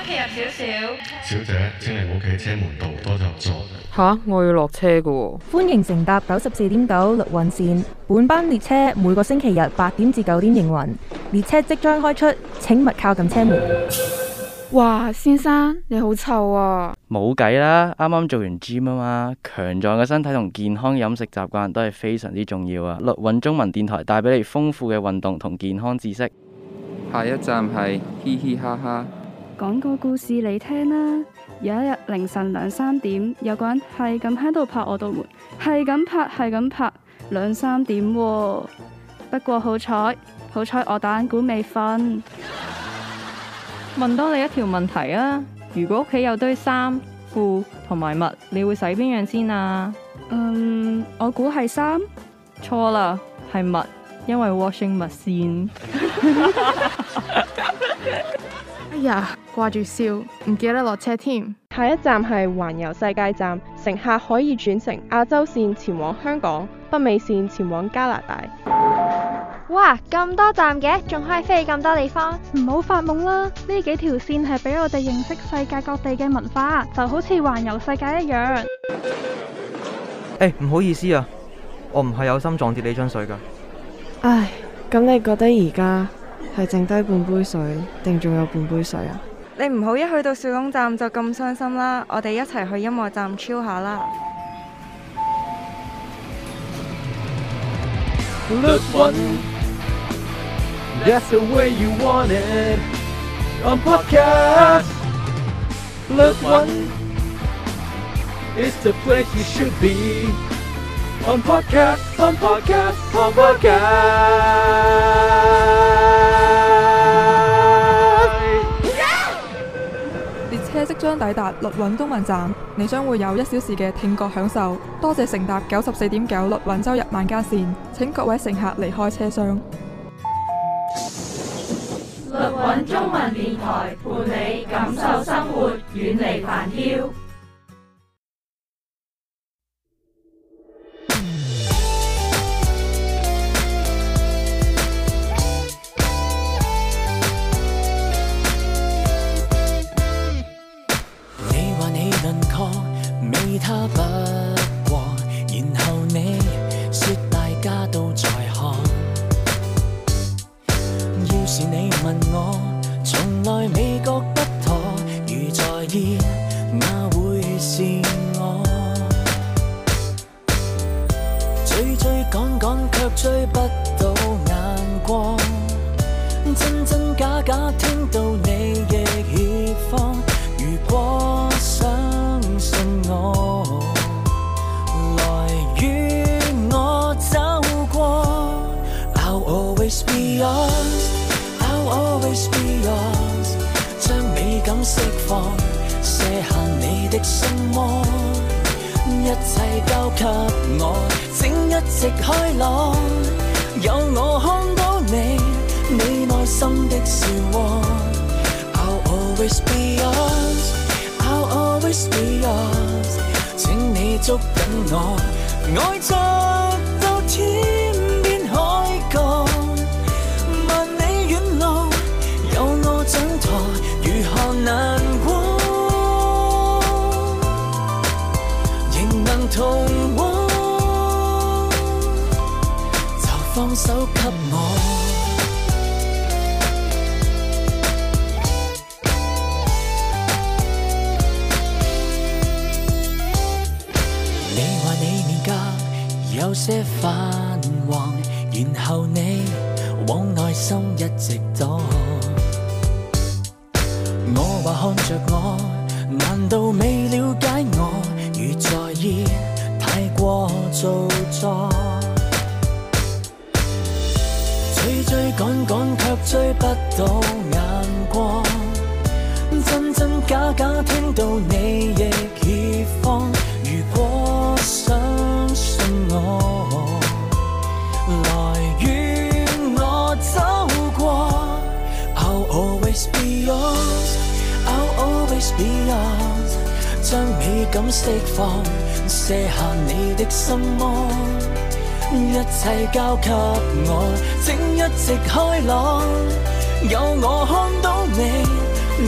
少少小姐，請你唔好企喺車門度，多就坐。吓、啊，我要落車噶。歡迎乘搭九十四點九陸運線，本班列車每個星期日八點至九點營運，列車即將開出，請勿靠近車門。哇，先生，你好臭啊！冇計啦，啱啱做完 gym 啊嘛，強壯嘅身體同健康飲食習慣都係非常之重要啊！陸運中文電台帶俾你豐富嘅運動同健康知識。下一站係嘻嘻哈哈。講個故事嚟聽啦！有一日凌晨兩三點，有個人係咁喺度拍我度門，係咁拍係咁拍，兩三點。不過好彩，好彩我打緊鼓未瞓。問多你一條問題啊！如果屋企有堆衫褲同埋襪，你會洗邊樣先啊？嗯，我估係衫。錯啦，係襪，因為 washing machine 哎、呀，掛住笑，唔記得落車添。下一站係環遊世界站，乘客可以轉乘亞洲線前往香港，北美線前往加拿大。哇，咁多站嘅，仲可以飛咁多地方，唔好發夢啦。呢幾條線係俾我哋認識世界各地嘅文化，就好似環遊世界一樣。誒、欸，唔好意思啊，我唔係有心撞跌你樽水噶。唉，咁你覺得而家？係剩低半杯水，定仲有半杯水啊？你唔好一去到小籠站就咁傷心啦，我哋一齊去音樂站 chill 下啦。 Look one, Cast, cast, Yeah! 列車即將抵達綠韻中文站，你將會有一小時嘅聽覺享受。多謝乘搭九十四點九綠韻周日晚間線，請各位乘客離開車廂。綠韻中文電台伴你感受生活，遠離煩囂。些泛黃，然後你往內心一直躲。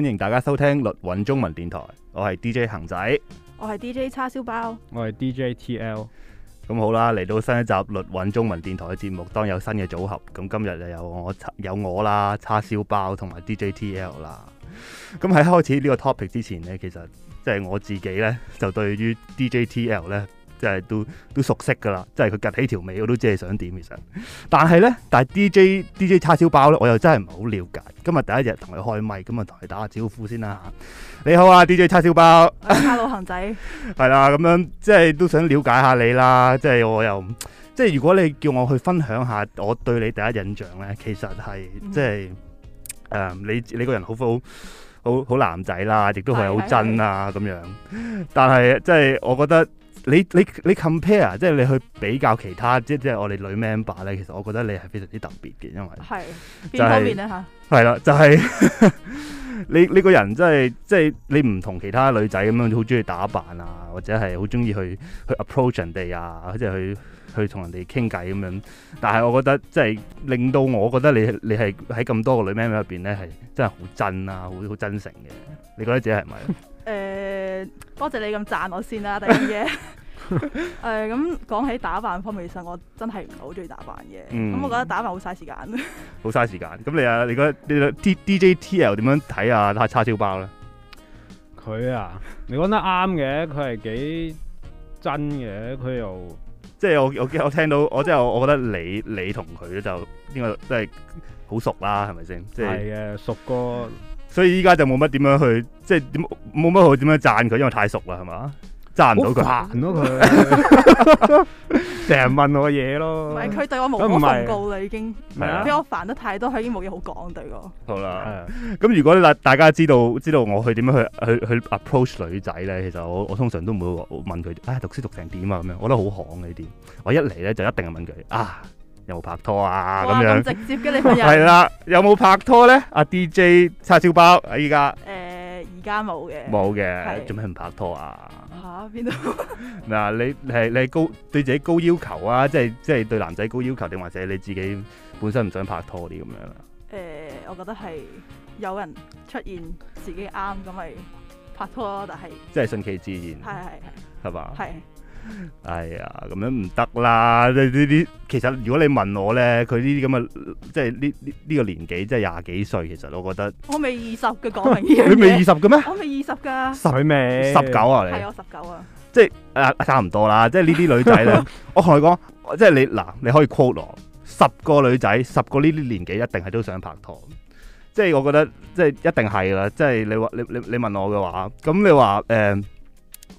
歡迎大家收聽律韻中文電台，我係 DJ 恆仔，我係 DJ 叉燒包，我係 DJTL。咁好啦，嚟到新一集律韻中文電台嘅節目，當有新嘅組合，咁今日就有我有我啦，叉燒包同埋 DJTL 啦。咁喺 開始呢個 topic 之前呢，其實即係我自己呢，就對於 DJTL 呢。即係都都熟悉噶啦，即係佢趌起條尾，我都知係想點其實但呢。但係咧，但係 DJ DJ 叉燒包咧，我又真係唔係好了解。今日第一日同佢開咪，咁啊同佢打下招呼先啦吓。你好啊，DJ 叉燒包。Hello 恒仔。係啦，咁樣即係都想了解下你啦。即係我又即係如果你叫我去分享下我對你第一印象咧，其實係即係誒、mm hmm. 呃，你你個人好好好好男仔啦，亦都係好 真啊咁樣。但係即係我覺得。你你你 compare 即係你去比較其他即即係我哋女 member 咧，其實我覺得你係非常之特別嘅，因為係、就、邊、係、方面咧吓？係啦、就係，就係、係、 你你個人真係即係你唔同其他女仔咁樣，好中意打扮啊，或者係好中意去去 approach 人哋啊，即係去去同人哋傾偈咁樣。但係我覺得即係令到我覺得你你係喺咁多個女 member 入邊咧，係真係好真啊，好好真誠嘅。你覺得自己係咪？誒。 多謝你咁讚我先啦、啊，第二嘢。誒，咁講起打扮方面，其實我真係唔係好鍾意打扮嘅。咁、嗯、我覺得打扮好嘥時間。好 嘥時間。咁你啊，你覺得你 D J T L 點樣睇啊？叉燒包咧？佢啊，你講得啱嘅，佢係幾真嘅，佢又即係我我我聽到，我即係我我覺得你你同佢就應該即係呢個即係好熟啦，係咪先？即係熟過。所以依家就冇乜點樣去，即係冇冇乜好點樣讚佢，因為太熟啦，係嘛？讚唔到佢，煩到佢，成日、啊 啊、 問我嘢咯。唔係佢對我冇妄告啦，已經俾我煩得太多，佢已經冇嘢好講對我。好啦，咁、啊、如果嗱大家知道知道我去點樣去去去 approach 女仔咧，其實我我通常都唔會問佢，唉、哎，讀書讀成點啊咁樣，我覺得好巷呢啲。我一嚟咧就一定係問佢啊。有冇拍拖啊？咁哇樣直接嘅你個人係啦， 有冇拍拖咧？阿 DJ 叉燒包喺依家，誒，而家冇嘅，冇嘅，做咩唔拍拖啊？吓、啊，邊度？嗱、 啊，你係你係高對自己高要求啊，即係即係對男仔高要求，定或者你自己本身唔想拍拖啲咁樣啊？誒、呃，我覺得係有人出現自己啱咁咪拍拖咯，但係即係順其自然，係係係，係嘛？係。哎呀，咁樣唔得啦！呢呢啲其實如果你問我咧，佢呢啲咁嘅即係呢呢個年紀，即係廿幾歲，其實我覺得我未二 十嘅，講明呢樣嘢。你未二十嘅咩？我未二十噶，十幾未？十九啊你，你係我十九啊、呃，即係差唔多啦。即係呢啲女仔咧，我同你講，即係你嗱，你可以 quote 我，十個女仔，十個呢啲年紀，一定係都想拍拖。即係我覺得，即係一定係啦。即係你話你你你問我嘅話，咁你話誒。呃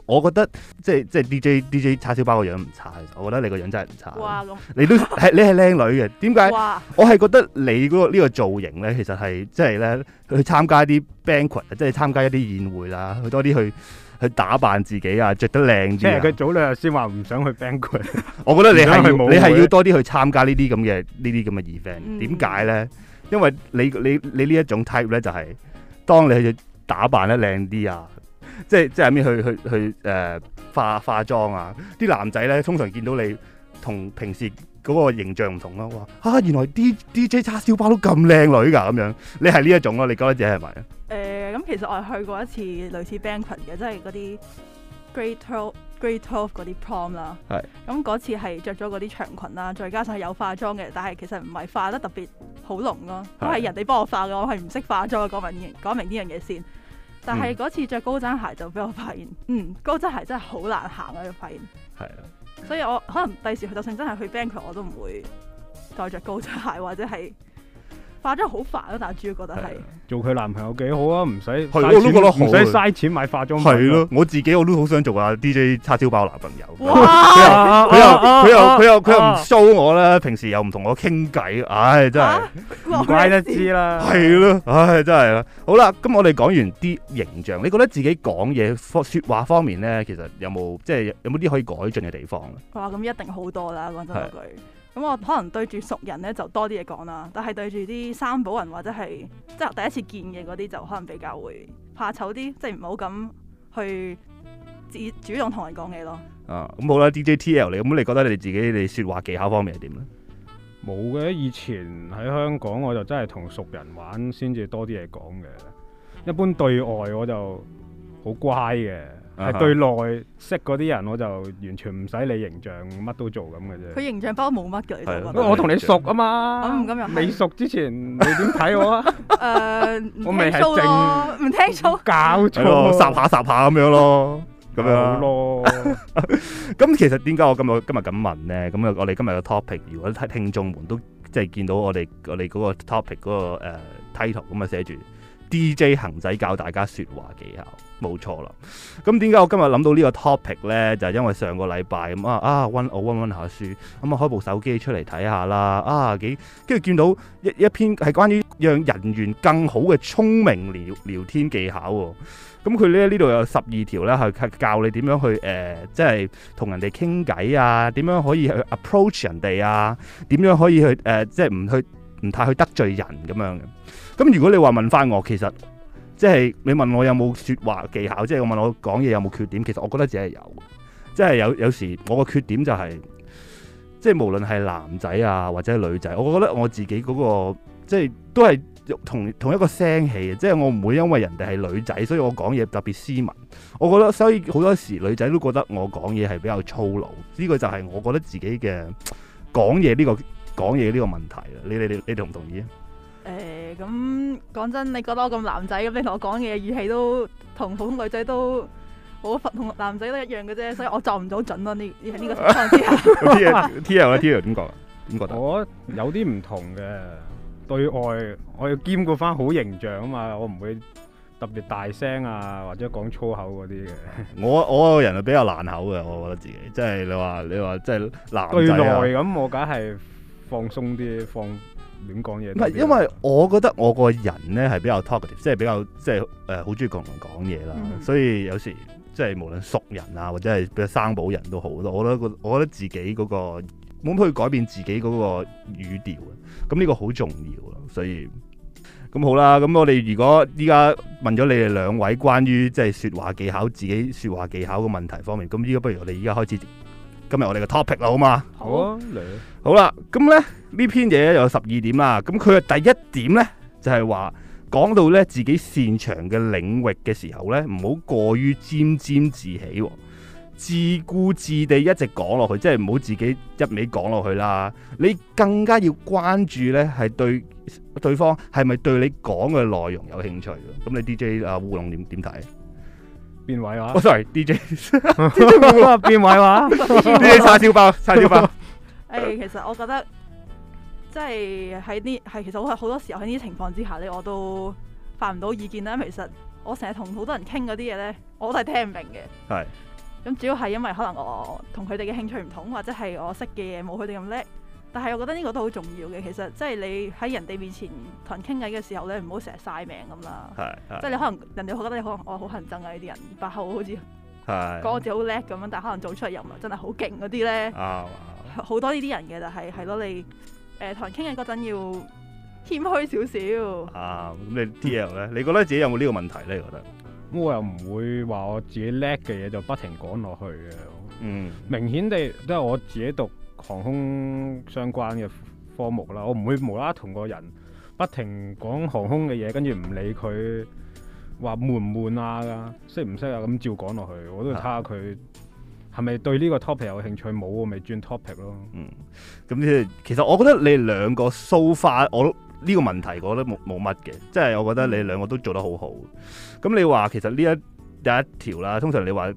我覺得即係即係 D J D J 叉燒包個樣唔差，其實我覺得你個樣真係唔差。哇！咁你都係 你係靚女嘅，點解？哇！我係覺得你嗰、這個呢、這個造型咧，其實係即係咧去參加啲 band 群啊，即係參加一啲宴會啦，多去多啲去去打扮自己啊，着得靚啲佢早兩日先話唔想去 band 群。我覺得你係你係要多啲去參加這這 event, 呢啲咁嘅呢啲咁嘅 event。點解咧？因為你你你呢一種 type 咧、就是，就係當你去打扮得靚啲啊。即係即係咩？去去去誒、呃、化化妝啊！啲男仔咧通常見到你同平時嗰個形象唔同咯、啊。我話、啊、原來 D D J 叉燒包都咁靚女㗎、啊、咁樣。你係呢一種咯、啊？你覺得自己係咪？誒咁、呃嗯、其實我係去過一次類似 band 裙嘅，即係嗰啲 Grade Twelve Grade Twelve 嗰啲 prom 啦。係是。咁嗰、嗯、次係着咗嗰啲長裙啦，再加上有化妝嘅，但係其實唔係化得特別好濃咯，係人哋幫我化嘅，我係唔識化妝嘅。講明講明呢樣嘢先。那個但係嗰次着高踭鞋就俾我發現，嗯，嗯，高踭鞋真係好難行啊！我發現，係啊的，所以我可能第時就算真係去 Bangkok 我都唔會再着高踭鞋或者係。化妝好煩啊！但主要覺得係做佢男朋友幾好啊，唔使係我都覺得唔使嘥錢買化妝品。係咯，我自己我都好想做下 DJ 叉燒包男朋友。佢又佢又佢又佢又唔 show 我啦，平時又唔同我傾偈，唉，真係唔怪得之啦。係咯，唉，真係啦。好啦，咁我哋講完啲形象，你覺得自己講嘢方說話方面咧，其實有冇，即係有冇啲可以改進嘅地方咧？哇，咁一定好多啦，講真句。咁、嗯、我可能對住熟人咧就多啲嘢講啦，但係對住啲生保人或者係即係第一次見嘅嗰啲就可能比較會怕醜啲，即係唔好咁去自主動同人講嘢咯。啊，咁、嗯、好啦，DJTL 你、嗯、咁，你覺得你哋自己你説話技巧方面係點咧？冇嘅，以前喺香港我就真係同熟人玩先至多啲嘢講嘅，一般對外我就好乖嘅。係對內識嗰啲人，我就完全唔使理形象，乜都做咁嘅啫。佢形象包冇乜嘅，的我同你熟啊嘛。咁咁又未熟之前， 你點睇我啊？誒、呃， 我未、呃、聽唔聽錯，搞錯，霎下霎下咁樣咯，咁 樣咯。咁 其實點解我今日今日咁問咧？咁啊，我哋今日嘅 topic，如果聽眾們都即係見到我哋我哋嗰個 topic 嗰、那個誒、uh, title 咁啊，寫住 DJ 恒仔教大家說話技巧。冇錯啦，咁點解我今日諗到呢個 topic 咧？就係、是、因為上個禮拜咁啊啊溫我溫溫下書，咁啊開部手機出嚟睇下啦，啊幾跟住見到一一篇係關於讓人緣更好嘅聰明聊聊天技巧，哦，咁佢咧呢度有十二條啦，係係教你點樣去誒，即係同人哋傾偈啊，點樣可以去 approach 人哋啊，點樣可以去誒，即係唔去唔太去得罪人咁樣嘅。咁如果你話問翻我，其實。即係你問我有冇說話技巧，即係我問我講嘢有冇缺點？其實我覺得自己係有，即係有有時我個缺點就係、是，即係無論係男仔啊或者女仔，我覺得我自己嗰、那個即係都係同同一個聲氣，即係我唔會因為人哋係女仔，所以我講嘢特別斯文。我覺得所以好多時女仔都覺得我講嘢係比較粗魯，呢、這個就係我覺得自己嘅講嘢呢個講嘢呢個問題。你你你你同唔同意啊？咁講真，你覺得我咁男仔咁，你同我講嘢，語氣都同普通女仔都冇乜同，男仔都一樣嘅啫，所以我就唔到准咯。呢、這、呢個情況之下，TL TL 點講啊？點覺得？我有啲唔同嘅對外，我要兼顧返好形象啊嘛，我唔會特別大聲啊，或者講粗口嗰啲嘅。我我個人啊比較爛口嘅，我覺得自己即係、就是、你話你話即係男、啊、對內咁，我梗係放鬆啲放。亂講嘢，唔係，因為我覺得我個人咧係比較 talkative，即係比較即係誒，好中意同人講嘢啦。Mm hmm. 所以有時即係無論熟人啊，或者係比較生保人都好，我覺得，我覺得自己嗰、嗰個點可以改變自己嗰個語調啊。咁呢個好重要咯。所以咁好啦，咁我哋如果依家問咗你哋兩位關於即係說話技巧、自己說話技巧嘅問題方面，咁依家不如我哋依家開始。今日我哋嘅 topic 啦，好嘛？好啊，啊好啦，咁咧呢篇嘢有十二點啦。咁佢嘅第一點咧，就係話講到咧自己擅長嘅領域嘅時候咧，唔好過於沾沾自喜，自顧自地一直講落去，即係唔好自己一味講落去啦。你更加要關注咧，係對對方係咪對你講嘅內容有興趣？咁你 D J 阿烏龍點點睇？變位話、oh，sorry，DJ，即 變位話嗎，即係叉燒包，叉燒包。誒，其實我覺得，即係喺呢，係其實我好多時候喺呢啲情況之下咧，我都發唔到意見啦。其實我成日同好多人傾嗰啲嘢咧，我都係聽唔明嘅。係，咁主要係因為可能我同佢哋嘅興趣唔同，或者係我識嘅嘢冇佢哋咁叻。但係我覺得呢個都好重要嘅，其實即係你喺人哋面前同人傾偈嘅時候咧，唔好成日晒命咁啦。係，即係你可能人哋覺得你可能我好恨憎啊啲人，八號好似講個字好叻咁樣，是但可能做出嚟又唔係真係好勁嗰啲咧。好、啊啊、多呢啲人嘅，就係係咯，你誒同、呃、人傾偈嗰陣要謙虛少少。啊，咁你 TL 咧，嗯、你覺得自己有冇呢個問題咧？你覺得？咁我又唔會話我自己叻嘅嘢就不停講落去嘅。嗯，明顯地都係我自己讀航空相關嘅科目啦，我唔會無啦啦同個人不停講航空嘅嘢，跟住唔理佢話悶唔悶啊，識唔識啊，咁照講落去，我都要睇下佢係咪對呢個 topic 有興趣？冇我咪轉 topic 咯。嗯，咁即係其實我覺得你兩個 so far，我呢個問題我覺得冇冇乜嘅，即係我覺得你兩個都做得好好。咁你話其實呢一有一條啦，通常你話。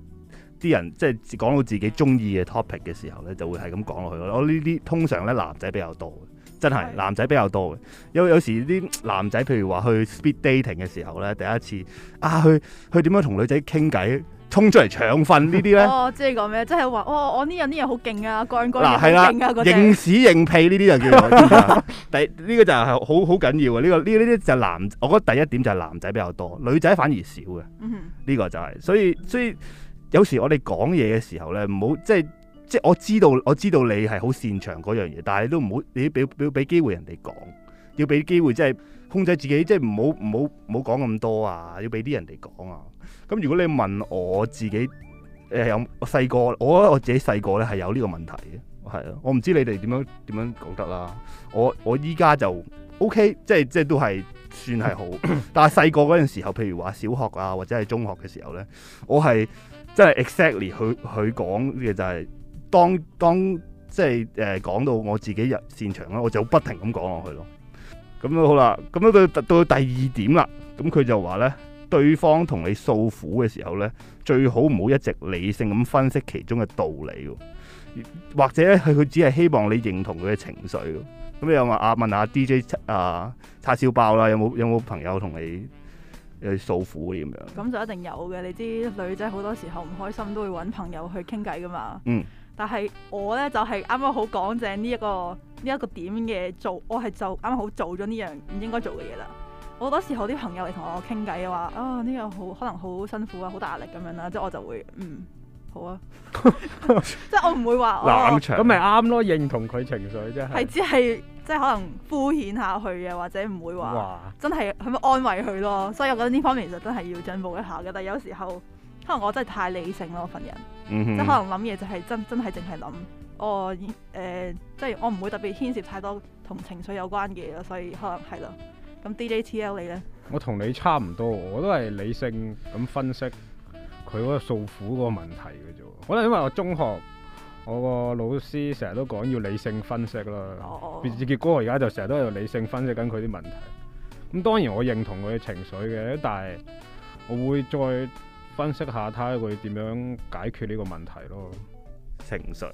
啲人即係講到自己中意嘅 topic 嘅時候咧，就會係咁講落去。我呢啲通常咧，男仔比較多，真係男仔比較多嘅。有，有時啲男仔，譬如話去 speed dating 嘅時候咧，第一次啊，去，去點樣同女仔傾偈，衝出嚟，搶瞓呢啲咧。哦，即係講咩？即係話哦，我呢樣呢樣好勁啊，各人各勁屎硬屁呢啲就叫，我。呢個就係好好緊要嘅。呢個呢呢啲就係男，我覺得第一點就係男仔比較多，女仔反而少嘅。呢個就係所以所以，有時我哋講嘢嘅時候咧，唔好即係即係我知道我知道你係好擅長嗰樣嘢，但係都唔好你要俾機會人哋講，要俾機會即係控制自己即係唔好唔好唔好講咁多啊，要俾啲人哋講啊。咁如果你問我自己，誒有我細個，我覺得我自己細個咧係有呢個問題嘅，係咯，我唔知你哋點樣點樣講得啦。我我依家就 OK，即係即係都係算係好， 但係細個嗰陣時候，譬如話小學啊或者係中學嘅時候咧，我係。Exactly, 即係 exactly，佢佢講嘅就係當當即係誒講到我自己日擅長咯，我就不停咁講落去咯。咁、嗯、樣好啦，咁、嗯、樣到到到第二點啦，咁、嗯、佢就話咧，對方同你訴苦嘅時候咧，最好唔好一直理性咁分析其中嘅道理，或者咧佢佢只係希望你認同佢嘅情緒。咁你有冇啊？問下 DJ 七啊，叉燒包啦，有冇有冇朋友同你？有啲訴苦咁樣，咁就一定有嘅。你知女仔好多時候唔開心都會揾朋友去傾偈噶嘛。但係我呢，就係啱啱好講正呢一個呢一個點嘅做，我係就啱啱好做咗呢樣唔應該做嘅嘢啦。好多時候啲朋友嚟同我傾偈嘅話，啊呢個好可能好辛苦啊，好大壓力咁樣啦，即係我就會嗯好啊。即係我唔會話。攬場。咁咪啱咯，認同佢情緒啫。係。係只係。即係可能敷衍下佢啊，或者唔會話真係去安慰佢咯。嘩所以我覺得呢方面其實真係要進步一下嘅。但係有時候可能我真係太理性咯份人，嗯、哼即係可能諗嘢就係真真係淨係諗我誒，即係我唔會特別牽涉太多同情緒有關嘅嘢咯。所以可能係咯。咁 DJTL 你咧？我同你差唔多，我都係理性咁分析佢嗰個訴苦嗰個問題嘅啫。可能因為我中學。我個老師成日都講要理性分析啦，oh. 結果我而家就成日都喺度理性分析緊佢啲問題。咁當然我認同佢嘅情緒嘅，但係我會再分析下睇下佢點樣解決呢個問題咯。情緒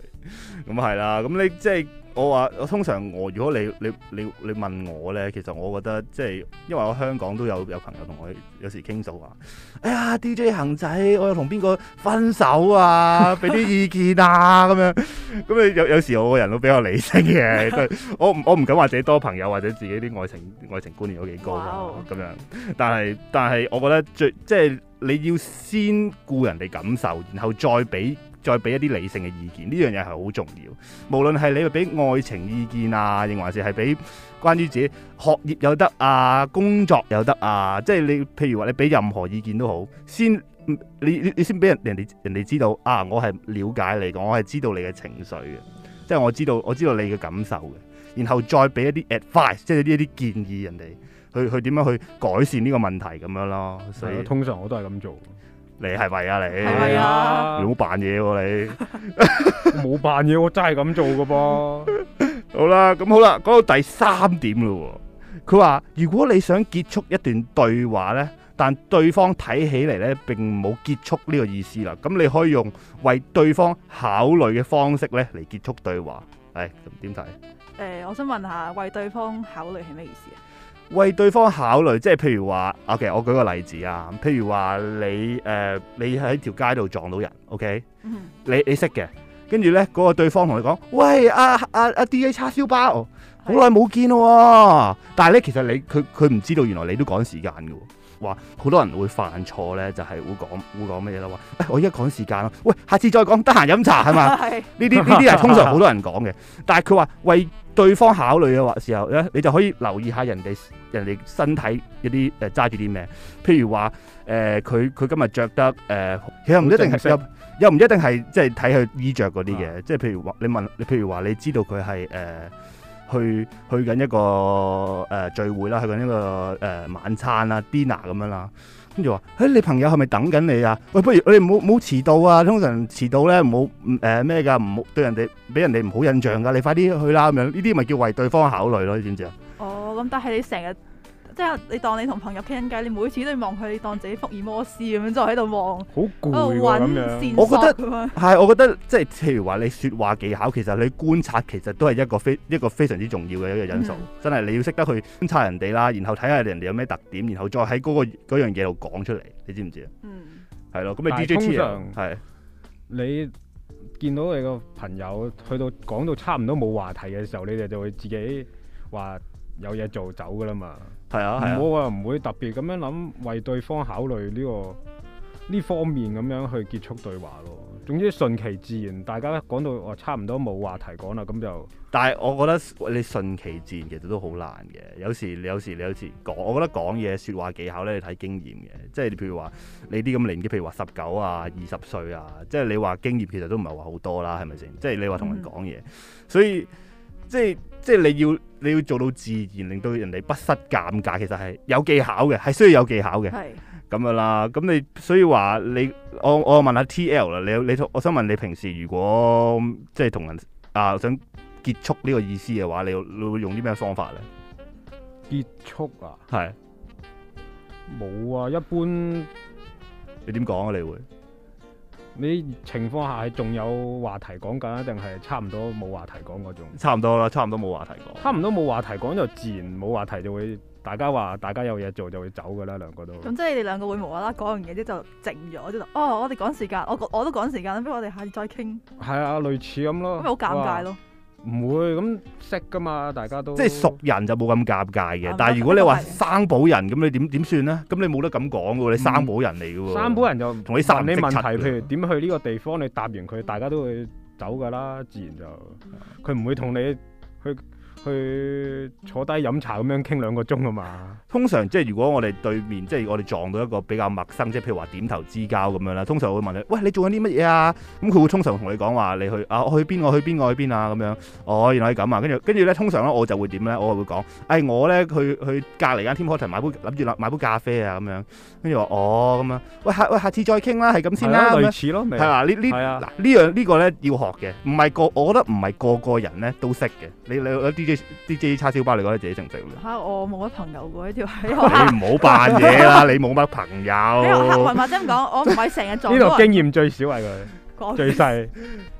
咁係、嗯、啦，咁你即係、就是、我話我通常我如果你你你你問我咧，其實我覺得即係、就是、因為我香港都有有朋友同我有時傾訴話，哎呀 DJ 恒仔，我又同邊個分手啊，俾啲意見啊咁 樣，咁、嗯、你有有時我個人都比較理性嘅， 我唔我唔敢話自己多朋友或者自己啲愛情愛情觀念有幾高咁 Wow. 樣，但係但係我覺得最即係、就是、你要先顧人哋感受，然後再俾。再俾一啲理性嘅意見，呢樣嘢係好重要。無論係你話俾愛情意見啊，定還是係俾關於自己學業有得啊、工作有得啊，即係你譬如話你俾任何意見都好，先你你先俾人人哋人哋知道啊，我係了解你嘅，我係知道你嘅情緒嘅，即係我知道我知道你嘅感受嘅，然後再俾一啲 advice，即係呢一啲建議人哋去去點樣去改善呢個問題咁樣咯。所以通常我都係咁做。你係咪啊你？係啊，啊你好扮嘢喎你，冇扮嘢，我真係咁做噶噃。 好啦，咁好啦，講到第三點啦，佢話如果你想結束一段對話咧，但對方睇起嚟，咧並冇結束呢個意思啦，咁你可以用為對方考慮嘅方式咧嚟結束對話。誒，咁點睇？誒、呃，我想問下為對方考慮係咩意思？為對方考慮，即係譬如話，OK，我舉個例子啊，譬如話你誒、呃，你喺條街度撞到人，OK，mm hmm. 你你識嘅，跟住咧嗰個對方同你講，喂，阿阿阿 D A 叉燒包，好耐冇見咯，哦，但係咧其實你佢佢唔知道，原來你都趕時間㗎。話好多人會犯錯咧，就係、是、會講會講乜嘢啦。話誒、哎，我而家趕時間咯，喂，下次再講，得閒飲茶係嘛？呢啲呢啲係通常好多人講嘅。 但係佢話為對方考慮嘅話時候咧，你就可以留意下人哋人哋身體一啲誒揸住啲咩？譬如話誒，佢、呃、佢今日着得誒、呃，其實唔一定係又唔一定係即係睇佢衣着嗰啲嘅。即係、嗯、譬如話你問你，譬如話你知道佢係誒。呃去去緊一個誒、呃、聚會啦，去緊一個誒、呃、晚餐啊，dinner 咁樣啦，跟住話，誒、欸、你朋友係咪等緊你啊？喂，不如你唔好唔好遲到啊？通常遲到咧唔好誒咩㗎，唔好、呃、對人哋俾人哋唔好印象㗎，你快啲去啦咁樣，呢啲咪叫為對方考慮咯，你知唔知啊？哦，咁但係你成日。即係你當你同朋友傾偈，你每次都要望佢，你當自己福爾摩斯咁樣，就喺度望，喺度搵線索樣。係， 我覺得即係，譬如話你說話技巧，其實你觀察其實都係一個非一個非常之重要嘅一個因素。嗯、真係你要識得去觀察人哋啦，然後睇下人哋有咩特點，然後再喺嗰、那個嗰樣嘢度講出嚟。你知唔知啊？嗯，係咯。咁你 D J 通常係的你見到你個朋友去到講到差唔多冇話題嘅時候，你哋就會自己話。有嘢做走噶啦嘛，係啊，唔好啊，我唔會特別咁樣諗為對方考慮呢、呢個呢方面咁樣去結束對話咯。總之順其自然，大家講到哦，差唔多冇話題講啦，咁就。但係我覺得你順其自然其實都好難嘅，有時你有時你有時講，我覺得講嘢說話技巧咧，你睇經驗嘅，即係譬如話你啲咁年紀，譬如話十九啊、二十歲啊，即係你話經驗其實都唔係話好多啦，係咪先？即係你,你話同人講嘢，嗯、所以。即係即係你要你要做到自然，令到人哋不失尷尬，其實係有技巧嘅，係需要有技巧嘅。係咁是樣啦，咁你所以話你我我問下 TL 啦，你你我想問你平時如果即係同人啊想結束呢個意思嘅話你，你會用啲咩方法咧？結束啊？係冇是啊，一般你點講啊？你會？你情況下係仲有話題講緊啊，定係差唔多冇話題講嗰種？差唔多啦，差唔多冇話題講。差唔多冇話題講就自然冇話題就會，大家話大家有嘢做就會走噶啦，兩個都。咁、嗯、即係你哋兩個會無啦啦講完嘢之後就靜咗，就哦我哋趕時間，我我都趕時間，不如我哋下次再傾。係啊，類似咁咯。咁咪好尷尬咯～唔會咁識噶嘛，大家都即係熟人就冇咁尷尬嘅。但係如果你話生保人咁、嗯，你點點算咧？咁你冇得咁講嘅喎，你生保人嚟嘅喎。生保人就問你問題，你譬如點去呢個地方，你答完佢，大家都會走㗎啦，自然就佢唔會同你去。去坐低飲茶咁樣傾兩個鐘啊嘛！通常即係如果我哋對面，即係我哋撞到一個比較陌生，即係譬如話點頭之交咁樣啦。通常會問你：喂，你做緊啲乜嘢啊？咁佢會通常同你講話，你去啊去邊個去邊個去邊啊咁樣。哦，原來係咁啊！跟住跟住咧，通常咧我就會點咧，我會講：誒，我咧去去隔離間天荷台買杯諗住諗買杯咖啡啊咁樣。跟住話：哦咁啊，喂下喂下次再傾啦，係咁先啦。類似咯，係啊，呢呢嗱呢樣呢個咧要學嘅，唔係個我覺得唔係個個人咧都識嘅。你啲啲叉燒包你覺得自己正唔正？嚇，我冇乜朋友喎呢條喎。一條 你唔好扮嘢啦， 你冇乜朋友。你客運或者咁講，我唔係成日做。呢度 經驗最少係佢。最細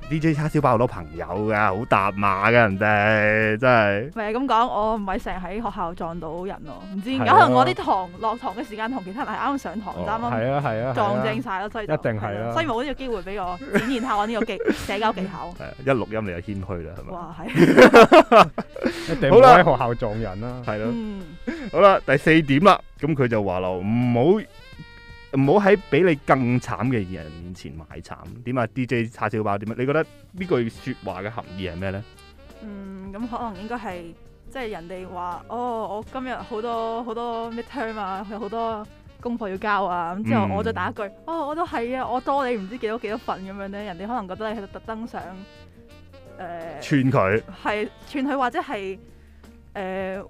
DJ 叉燒包好多朋友噶，好搭馬噶人哋。真係唔係咁講，我唔係成日喺學校撞到人咯，唔知點解，可能我啲堂落堂嘅時間同其他人係啱啱上堂，啱啱係啊係啊撞正晒咯，所以一定係咯，所以冇呢個機會俾我展現下我呢個技社交技巧。一錄音你就謙虛啦，係咪？哇係，好啦，喺學校撞人啦，係咯，好啦，第四點啦，咁佢就話咯，唔好。唔好喺比你更慘嘅人面前賣慘，點啊 DJ 叉燒包點啊？你覺得呢句説話嘅含義係咩咧？嗯，咁可能應該係即係人哋話，哦，我今日好多好多 midterm 啊，有好多功課要交啊，咁之後我再打一句，嗯、哦，我都係啊，我多你唔知幾多幾多份咁樣咧，人哋可能覺得你係特登想誒、呃他，串佢，係串佢或者係誒。呃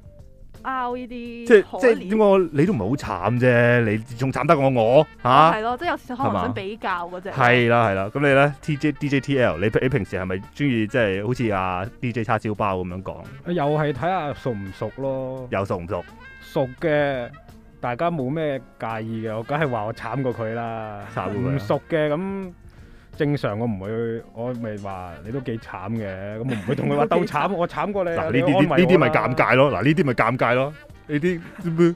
out 呢啲即係即係即係點講，你都唔係好慘啫，你仲慘得過我吓？係咯，即係有時可能想比較嗰隻。係啦係啦，咁嗎 你咧 TJ DJ TL，你你平時係咪中意即係好似阿 DJ 叉燒包咁樣講？又係睇下熟唔熟咯。又熟唔熟？熟嘅，大家冇咩介意嘅，我梗係話我慘過佢啦。慘唔熟嘅咁。正常我唔會去，我咪話你都幾慘嘅，咁我唔會同佢話鬥慘，我慘過你。嗱，呢啲呢啲咪尷尬咯，嗱，呢啲咪尷尬咯，呢啲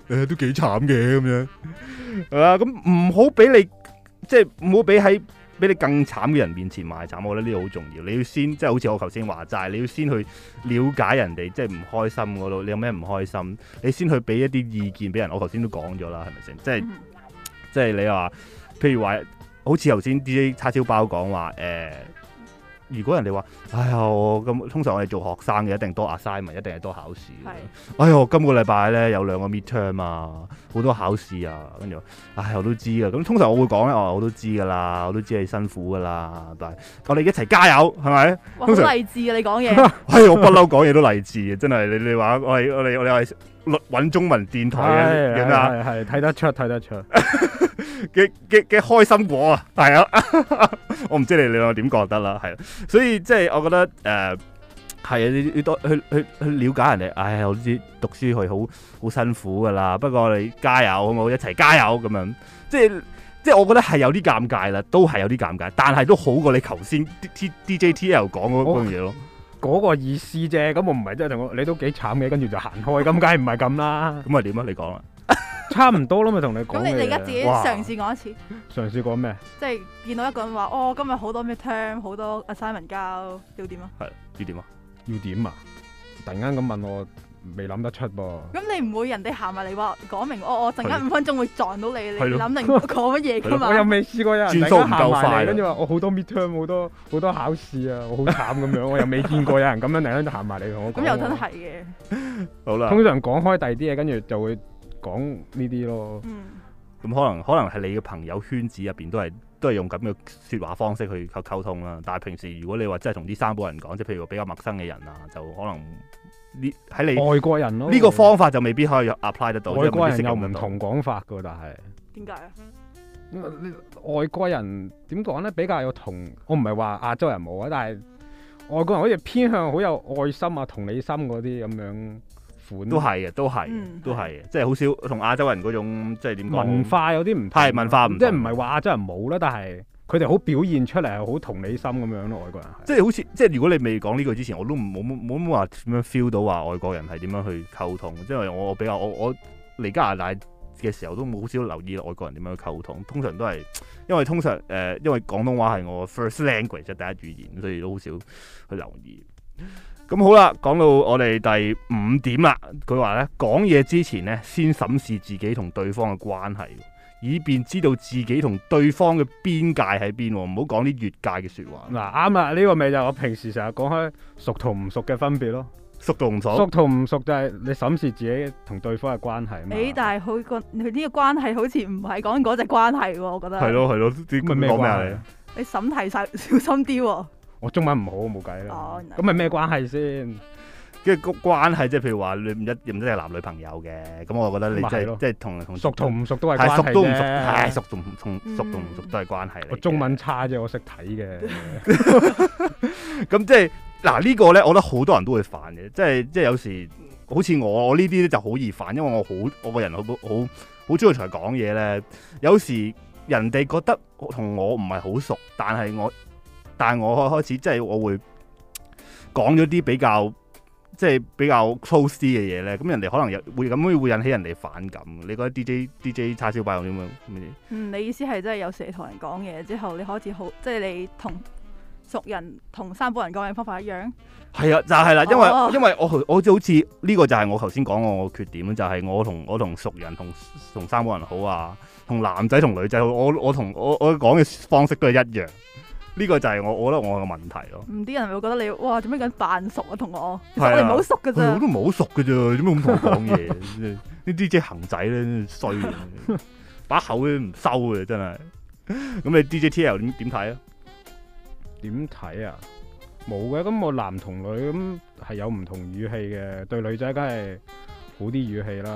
誒都幾慘嘅咁樣係啦，咁唔好俾你即係唔好俾喺俾你更慘嘅人面前賣慘，我覺得呢個好重要。你要先即係、就是、好似我頭先話齋，你要先去了解人哋即係唔開心嗰度，你有咩唔開心，你先去俾一啲意見俾人。我頭先都講咗啦，係咪先？即係即係你話，譬如話。好似頭先 D J 叉燒包講話誒，如果人哋話，哎呀，咁通常我哋做學生嘅，一定多 assignment，一定係多考試。哎呀是，今個禮拜咧有兩個 midterm 啊，好多考試啊，跟住話，哎，我都知啊。」咁通常我會講咧，哦，我都知噶啦，我都知你辛苦噶啦，但係我哋一齊加油，係咪？好勵志啊！你講嘢，哎呀， 我不嬲講嘢都勵志啊，真係。你你話，我我我我哋。揾中文電台嘅，係睇得出睇得出，幾幾幾開心果啊！係啊， 我唔知你你我點覺得啦，係，所以即係我覺得誒，係、呃、啊，你你多去去去了解人哋，唉、哎，我知讀書去，好好辛苦噶啦，不過你加油，好唔好？一齊加油咁樣，即係即係我覺得係有啲尷尬啦，都係有啲尷尬，但係都好過你頭先啲 D J T L 講嗰嗰樣嘢咯。哦嗰個意思啫，咁我唔係真係同我你都幾慘嘅，跟住就行開，咁梗係唔係咁啦？咁啊點啊？你講啊？ 差唔多啦，咪同你講嘅。咁你哋而家自己嘗試講一次。哇嘗試講咩？即係見到一個人話，哦，今日好多咩 term，好多 assignment 交，要點啊？係要點啊？要點啊？突然間咁問我。未諗得出噃，咁、嗯、你唔會人哋行埋嚟話講明、哦、我我陣間五分鐘會撞到你，的你諗定講乜嘢噶嘛？我又未試過有人轉數唔夠快行埋嚟，跟住話我好多 midterm 好多好多考試啊，我好慘咁樣。 我又未見過有人咁樣嚟樣都行埋嚟同我講。咁又真係嘅，好啦。通常講開第二啲嘢，跟住就會講呢啲咯。咁、嗯、可能可能係你嘅朋友圈子入邊都係都係用咁嘅說話方式去溝溝通啦。但係平時如果你話真係同啲生保人講，即係譬如比較陌生嘅人啊，就可能。呢喺你外國人咯，呢個方法就未必可以 apply 得到。外國人有唔同講法㗎，但係點解啊？外國人點講咧？比較有同，我唔係話亞洲人冇啊，但係外國人好似偏向好有愛心啊、同理心嗰啲咁樣款，都係嘅，嗯、都係，都係的，即係好少同亞洲人嗰種即係點講，文化有啲唔同，係，文化唔同，即係唔係話亞洲人冇啦，但係。佢哋好表現出嚟係好同理心咁樣咯，外國人即係好似即係如果你未講呢句之前，我都冇冇冇話點樣 feel 到話外國人係點樣去溝通，即係我比較我我嚟加拿大嘅時候都冇好少留意外國人點樣去溝通，通常都係因為通常誒、呃，因為廣東話係我 first language 第一語言，所以都好少去留意。咁好啦，講到我哋第五點啦，佢話咧講嘢之前呢，先審視自己同對方嘅關係。以便知道自己同對方嘅邊界喺邊，唔好講啲越界嘅説話。嗱，啱啦，呢個咪就係我平時成日講開熟同唔熟嘅分別咯。熟同唔熟，熟同唔熟就係你審視自己同對方嘅關係。你但係佢個，呢個關係好似唔係講嗰隻關係喎，我覺得。係咯係咯，咁係咩關係？關係你審題晒，小心啲喎。我中文唔好，冇計啦。咁係咩關係先？ 跟住個關係，即係譬如話，你唔一唔一定係男女朋友嘅，咁我覺得你即係即係同同熟同唔熟都係關係。太熟都唔熟，太熟同熟同唔熟都係關係咧。我中文差啫，我識睇嘅。咁即係嗱呢個咧，我覺得好多人都會犯嘅，即係即係有時好似我我呢啲咧就好易犯，因為我好我個人好好好中意同人講嘢咧。有時人哋覺得同我唔係好熟，但係我但係我，我開開始即係、即係、我會講咗啲比較。即係比較 close 啲嘅嘢咧，咁人哋可能又會咁樣會引起人哋反感。你覺得 DJ DJ 叉燒包點樣？嗯，你意思係真係有時同人講嘢之後你開始，你好似好即係你同熟人同生保人講嘢方法一樣？係啊，就係、是、啦，因為、哦、因為我我好似呢、這個就係我頭先講我個缺點就係、是、我同我同熟人同同生保人好啊，同男仔同女仔，我我同我我講嘅方式都係一樣。呢個就係我，我覺得我嘅問題咯。唔啲人會覺得你哇，做咩咁扮熟啊？同我，其實我哋唔好熟嘅啫。 我都唔好熟嘅啫，點解咁同我講嘢？呢啲 DJ 恒仔咧衰，把口都唔收嘅真係。咁 你 DJ TL 點點睇啊？點睇啊？冇嘅。咁我男同女咁係有唔同語氣嘅。對女仔梗係好啲語氣啦，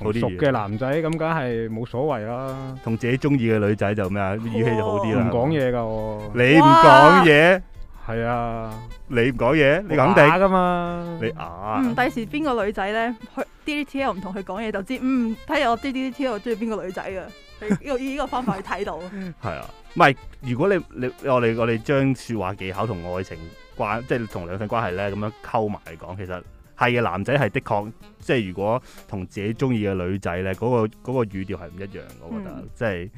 熟嘅男仔咁梗係冇所謂啦。同自己中意嘅女仔就咩啊？語氣就好啲啦。唔講嘢噶，你唔講嘢，係啊，你唔講嘢，你肯定㗎嘛？你啊。嗯，第時邊個女仔咧去 D D T L 唔同佢講嘢就知，嗯，睇下我 D D T L 中意邊個女仔啊？依依個方法去睇到。係啊，唔係如果你你我哋我哋將説話技巧同愛情關，即係同兩性關係咧咁樣溝埋嚟講，其實。係嘅男仔係的確，即係如果同自己中意嘅女仔咧，嗰個嗰個語調係唔一樣，我覺得，嗯、即係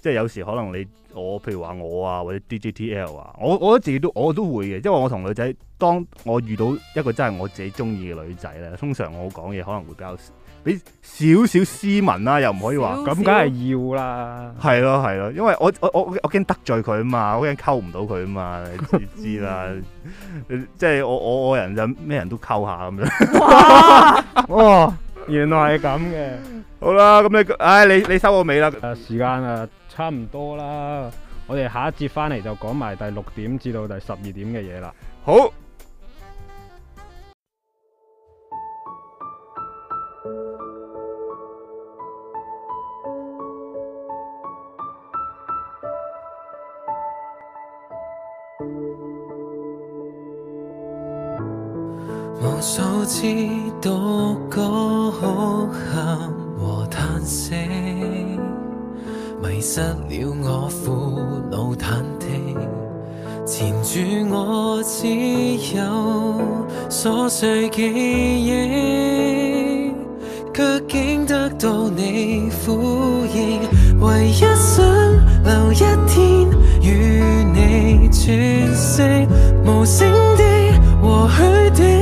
即係有時可能你我，譬如話我啊，或者 DJ TL 啊，我我覺得自己都我都會嘅，因為我同女仔當我遇到一個真係我自己中意嘅女仔咧，通常我講嘢可能會比較。俾、啊、少少斯文啦，又唔可以話咁，梗係要啦。係咯係咯，因為我我我我驚得罪佢啊嘛，我驚溝唔到佢啊嘛，你知, 你知啦。 即係我我我人就咩人都溝下咁樣。哇、 哦，原來係咁嘅。 好啦，咁你唉、哎，你你收我尾啦。時間啊，差唔多啦。我哋下一節翻嚟就講埋第六點至到第十二點嘅嘢啦。好。無數次獨個哭喊和嘆息，迷失了我苦惱忐忑，纏住我只有瑣碎記憶，卻竟得到你呼應。唯一想留一天與你喘息，無聲的和虛的。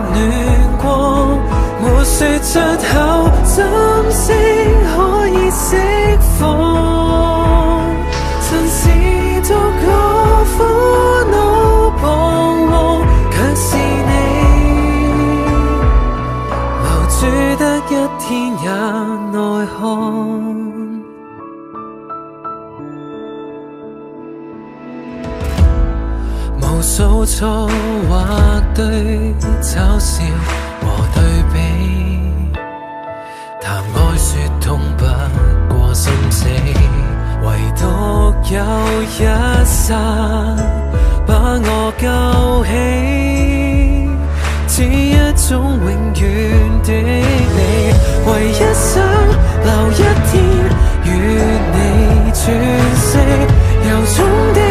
說出口，怎先可以釋放。曾試過苦惱彷徨，卻是你留住的一天也內耗。無數錯或對嘲笑。就是有一剎把我救起，只一種永遠的你，為一生留一天與你轉世，由衷的。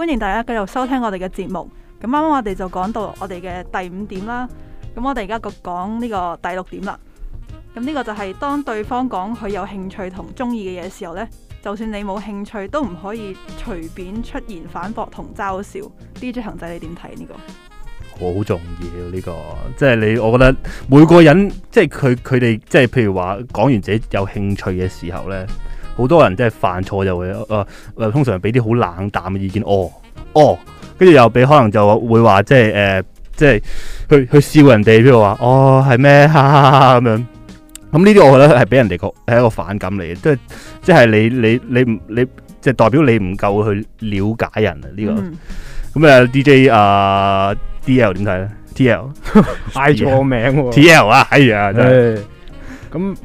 歡迎大家繼續收聽我哋嘅節目。咁啱啱我哋就講到我哋嘅第五點啦。咁我哋而家講呢個第六點啦。咁、這、呢個就係當對方講佢有興趣同中意嘅嘢嘅時候呢，就算你冇興趣，都唔可以隨便出言反駁同嘲笑。DJ 恒仔，你點睇呢個？好重要呢、啊這個，即係你，我覺得每個人，即係佢佢哋，即係譬如話講完自己有興趣嘅時候呢。好多人即係犯錯就會，誒、呃、誒，通常俾啲好冷淡嘅意見，哦哦，跟住又俾可能就會話即係誒，即係去去笑人哋，譬如話哦係咩？哈哈哈咁樣。咁呢啲我覺得係俾人哋個係一個反感嚟嘅，即係即係你你你唔你，即係、就是、代表你唔夠去了解人啊呢、這個。咁啊、嗯、DJ 啊 DL 點睇咧？TL，嗌錯名喎。TL TL，啊，哎呀，咁、哎、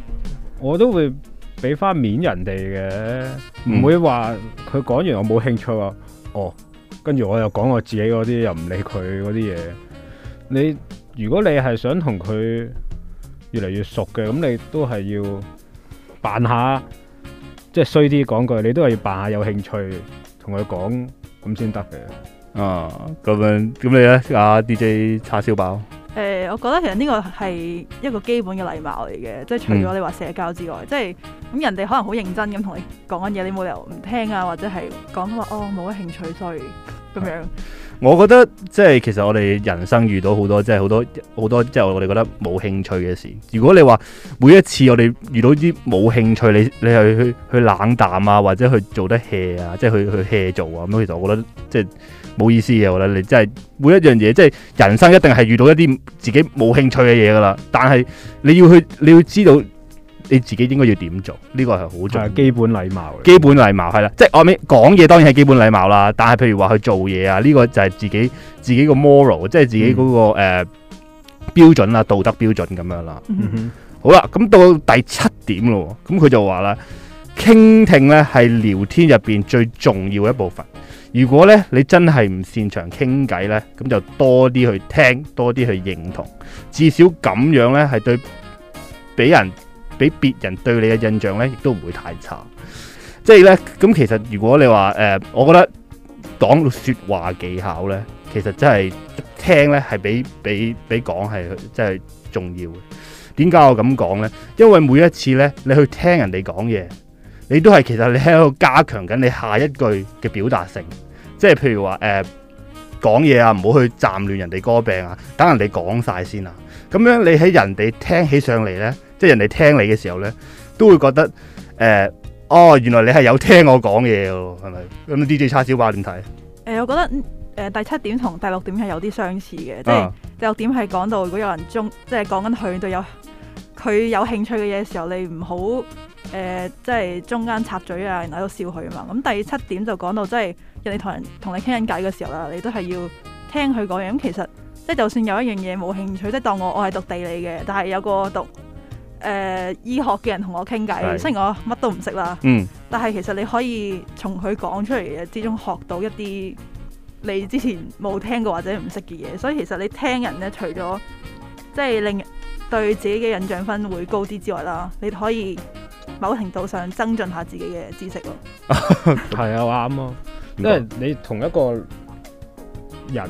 我都會。俾翻面人哋嘅，唔、嗯、會話佢講完我冇興趣喎。哦，跟住我又講我自己嗰啲，又唔理佢嗰啲嘢。你如果你係想同佢越嚟越熟嘅，咁你都係要扮下，即係衰啲講句，你都係要扮下有興趣同佢講，咁先得嘅。啊，咁樣，咁你咧啊 DJ 叉燒包？我覺得其實呢個係一個基本嘅禮貌嚟嘅，即係除咗你話社交之外，嗯、即係咁人哋可能好認真咁同你講緊嘢，你冇理由唔聽啊，或者係講話哦冇乜興趣，所以咁樣。我覺得即係其實我哋人生遇到好多，即係好多好多，即係我哋覺得冇興趣嘅事。如果你話每一次我哋遇到啲冇興趣，你你係去去冷淡啊，或者去做得 hea 啊，即係去去 hea 做啊咁，其實我覺得即係。冇意思嘅，我諗你真係每一樣嘢，即係人生一定係遇到一啲自己冇興趣嘅嘢噶啦。但係你要去，你要知道你自己應該要點做，呢個係好重要。基本禮貌，基本禮貌係啦，即係我啱講嘢，當然係基本禮貌啦。但係譬如話去做嘢啊，呢個就係自己自己個 moral，即係自己嗰個誒標準啦，道德標準咁樣啦。嗯哼。好啦，咁到第七點咯，咁佢就話啦，傾聽咧係聊天入邊最重要嘅一部分。如果咧你真係唔擅長傾偈呢，咁就多啲去聽，多啲去認同，至少咁樣呢，係對俾人俾別人對你嘅印象呢，亦都唔會太差。即係呢，咁其實如果你話誒、呃，我覺得講到說話技巧呢，其實真係聽呢，係比比比講係真係重要嘅。點解我咁講呢？因為每一次呢，你去聽人哋講嘢，你都係其實你喺度加強緊你下一句嘅表達性。即係譬如、呃、話誒講嘢啊，唔好去斬亂人哋歌病啊，等人哋講晒先啊。咁樣你喺人哋聽起上嚟呢，即係人哋聽你嘅時候呢，都會覺得誒、呃、哦，原來你係有聽我講嘢嘅，係咪咁？D J 叉燒包點睇？誒、呃，我覺得誒、呃、第七點同第六點係有啲相似嘅，即係第六點係講到如果有人中即係講緊佢對佢有佢有興趣嘅嘢嘅時候，你唔好誒即係中間插嘴啊，然後喺度笑佢啊嘛。咁、嗯、第七點就講到即係。人同人同你傾緊偈嘅時候啦，你都係要聽佢講嘢。咁其實即係就算有一樣嘢冇興趣，即係當我我係讀地理嘅，但係有個讀誒、呃、醫學嘅人同我傾偈，的雖然我乜都唔識啦，嗯、但係其實你可以從佢講出嚟嘅之中學到一啲你之前冇聽過或者唔識嘅嘢。所以其實你聽人呢，除咗即係令對自己嘅印象分會高啲之外啦，你可以某程度上增進下自己嘅知識咯。係啊， 啱啊。即係你同一個人，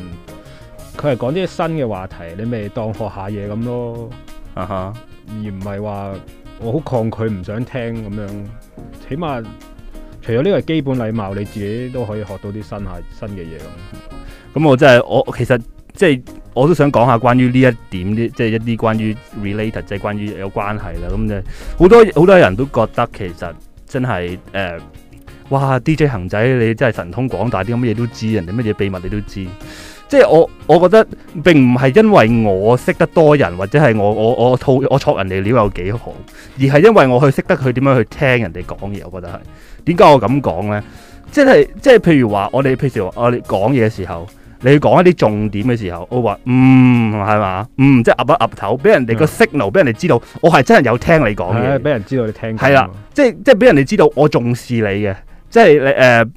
佢係講啲新嘅話題，你咪當學下嘢咁咯。啊哈、uh！Huh. 而唔係話我好抗拒唔想聽咁樣，起碼除咗呢個基本禮貌，你自己都可以學到啲新下新嘅嘢。咁、嗯、我真、就、係、是、我其實即係、就是、我都想講下關於呢一點啲，即、就、係、是、一啲關於 r e l a t e d 即係關於有關係啦。咁就好多好多人都覺得其實真係誒。呃哇！DJ 恒仔，你真係神通廣大，啲咁乜嘢都知，人哋乜嘢秘密你都知。即係我，我覺得並唔係因為我識得多人或者係我我我我，我人哋料有幾好，而係因為我去識得佢點樣去聽人哋講嘢。我覺得係點解我咁講呢？即係即係譬如話，我哋譬如話我哋講嘢嘅時候，你要講一啲重點嘅時候，我話嗯係嘛？嗯，即係岌一岌頭，俾人哋個 signal 俾人哋知道，我係真係有聽你講嘢，俾、啊、人知道你聽係啦。即係即係俾人哋知、啊、知道我重視你嘅。即係誒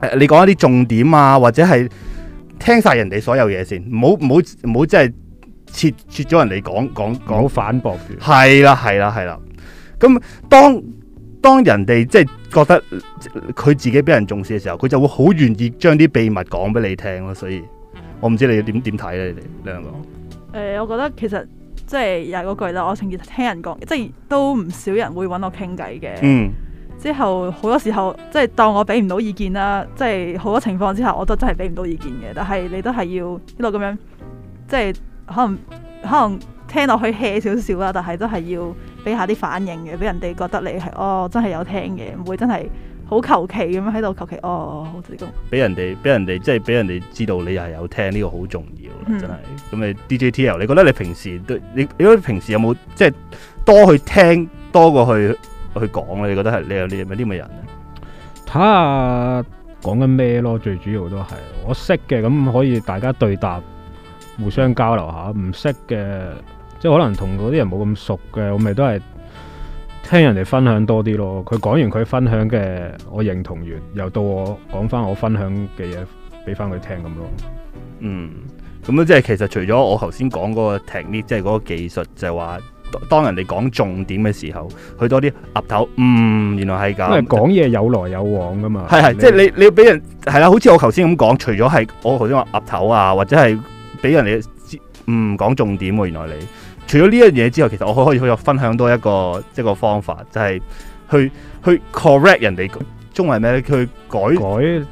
誒，你講一啲重點啊，或者係聽晒人哋所有嘢先，唔好唔好唔好，即係切切咗人哋講講講反駁。係啦係啦係啦，咁當當人哋即係覺得佢自己俾人重視嘅時候，佢就會好願意將啲秘密講俾你聽咯。所以，我唔知你要點點睇咧，你哋兩個。誒、呃，我覺得其實即係又係嗰句啦，我成日聽人講，即係都唔少人會揾我傾偈嘅。嗯。之後好多時候，即係當我俾唔到意見啦，即係好多情況之下，我都真係俾唔到意見嘅。但係你都係要一路咁樣，即係可能可能聽落去 hea 少少啦，但係都係要俾下啲反應嘅，俾人哋覺得你係哦真係有聽嘅，唔會真係、哦、好求其咁樣喺度求其哦哦好啲咁。俾人哋俾人哋即係俾人哋知道你係有聽呢、這個好重要，嗯、真係。咁你 DJ TL 你覺得你平時都你如果平時有冇即係多去聽多過去去講，你覺得係你有啲乜啲嘅人睇下講緊咩咯，最主要都係我識嘅，咁可以大家對答互相交流下。唔識嘅，即係可能同嗰啲人冇咁熟嘅，我咪都係聽人哋分享多啲咯。佢講完佢分享嘅，我認同完，又到我講翻我分享嘅嘢俾翻佢聽咁咯。嗯，咁啊，即係其實除咗我頭先講嗰個 technique 呢，即係嗰個技術就係話。當人哋講重點嘅時候，去多啲岌頭，is, 嗯，原來係咁。因為講嘢有來有往噶嘛，係係的你即係你你要俾人係啦，好似我頭先咁講，除咗係我頭先話岌頭啊，或者係俾人哋唔講重點喎，原來你除咗呢樣嘢之外，其實我可以分享多一個一個方法，就係、是、去去 correct 人哋中文咩去改改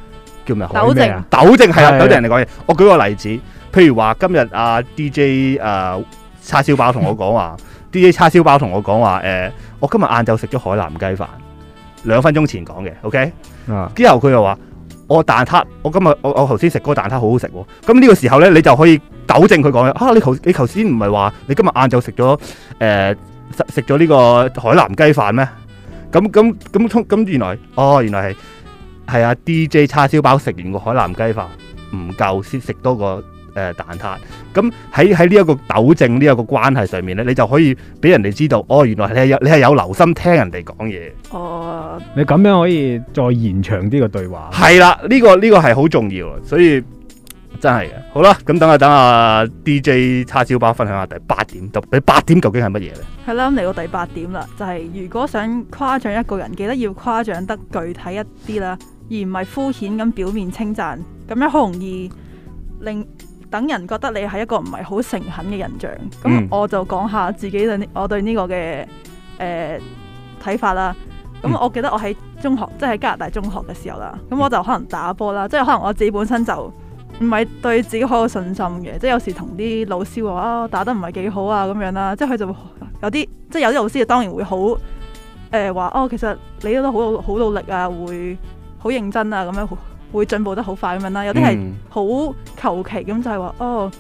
叫咩糾政正糾正係啊，糾正人哋講嘢。是我舉個例子，譬如今、啊 DJ uh, 呃呃呃、話今日阿 D J 誒叉燒包同我講話。DJ 叉燒包同我講話，誒、uh,，我今日晏晝食咗海南雞飯，兩分鐘前講嘅，OK，、uh. 之後佢又話，我蛋撻，我今日我我頭先食嗰個蛋撻好好食、啊，咁呢個時候呢，你就可以糾正佢講嘅，啊，你頭你頭先唔係話你今日晏晝食咗，誒、嗯，食咗呢個海南雞飯咩？咁咁咁通咁原來，哦，原來係係啊，DJ 叉燒包食完個海南雞飯唔夠先食多個誒蛋撻。咁喺喺呢一個糾正呢一個關係上面呢，你就可以俾人哋知道哦，原來你係有你係有留心聽人哋講嘢。哦、呃，你咁樣可以再延長呢個對話。係啦，呢、這個呢、這個係好重要，啊，所以真係嘅。好啦，咁等下等下、啊，DJ 叉燒包分享下第八點，第八點究竟係乜嘢呢？係啦，嚟到第八點啦，就係、是、如果想誇獎一個人，記得要誇獎得具體一啲啦，而唔係敷衍咁表面稱讚，咁樣好容易令。等人覺得你係一個唔係好誠懇嘅印象，咁、嗯、我就講下自己對我對呢個嘅誒睇法啦。咁我記得我喺中學，即係喺加拿大中學嘅時候啦，咁我就可能打波啦，嗯、即係可能我自己本身就唔係對自己好有信心嘅，即係有時同啲老師話啊、哦、打得唔係幾好啊咁樣啦，即係佢就會有啲即係有啲老師就當然會好誒話哦，其實你都好好努力啊，會好認真啊咁樣。會進步得好快咁樣啦，有啲係好求其咁就係話、嗯、哦，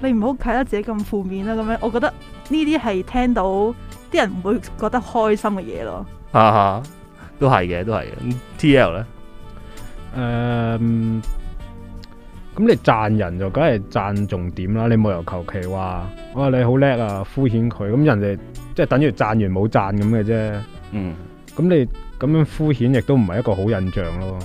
你唔好睇得自己咁負面啦咁樣。我覺得呢啲係聽到啲人唔會覺得開心嘅嘢咯啊。啊，都係嘅，都係嘅。TL 咧，誒、呃，咁你讚人就梗係讚重點啦。你冇由求其話，哇你好叻啊，敷衍佢，咁人哋即係等於讚完冇讚咁嘅啫。嗯，咁你咁樣敷衍亦都唔係一個好印象咯。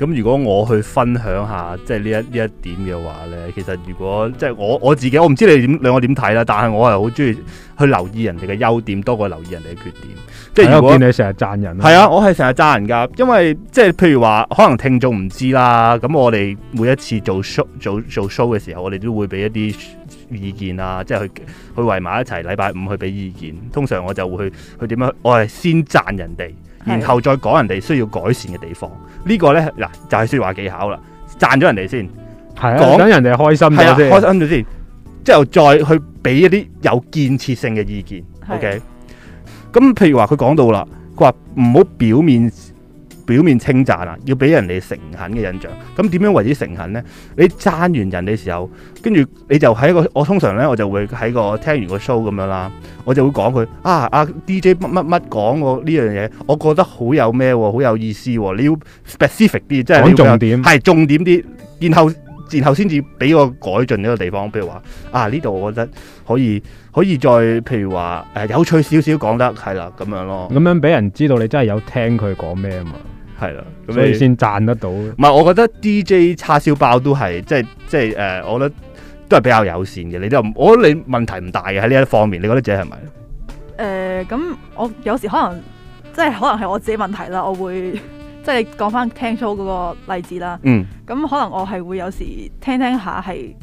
咁如果我去分享下即係呢一呢一點嘅話咧，其實如果即係我我自己，我唔知你點兩個點睇啦。但係我係好中意去留意人哋嘅優點，多過留意人哋嘅缺點。即係如果、嗯、我見你成日讚人、啊，係啊，我係成日讚人噶。因為即係譬如話，可能聽眾唔知啦。咁我哋每一次做 show 做做 show 嘅時候，我哋都會俾一啲意見啊，即係去去圍埋一齊。禮拜五去俾意見，通常我就會去去點樣？我係先讚人哋，然後再講人哋需要改善嘅地方，這個、呢個咧嗱就係、是、說話技巧啦，讚咗人哋先，講緊、啊、講人哋開心，先、啊，開心咗先，之後再去俾一啲有建設性嘅意見。啊、OK，咁譬如話佢講到啦，佢話唔好表面。表面稱讚啊，要俾人哋誠懇嘅印象。咁點樣為之誠懇咧？你讚完人嘅時候，跟住你就喺個我通常咧，我就會喺個聽完個 show 咁樣啦，我就會講佢啊，阿、啊、DJ 乜乜乜講過呢樣嘢，我覺得好有咩喎，好有意思喎、哦。你要 specific 啲，即係講重點，係重點啲，然後然後先至俾我改進呢個地方。譬如話啊，呢度我覺得可以可以再譬如話誒、呃、有趣少少講得係啦咁樣咯。咁樣俾人知道你真係有聽佢講咩啊嘛～係啦，你所以先賺得到。唔係，我覺得 DJ 叉燒包都係，即係即係，誒、呃，我覺得都係比較友善嘅。你都唔，我覺得你問題唔大嘅喺呢一方面，你覺得自己係咪？誒、呃，咁我有時可能即係可能係我自己問題啦。我會即係講翻聽 show 嗰個例子啦。嗯。咁可能我係會有時聽聽下係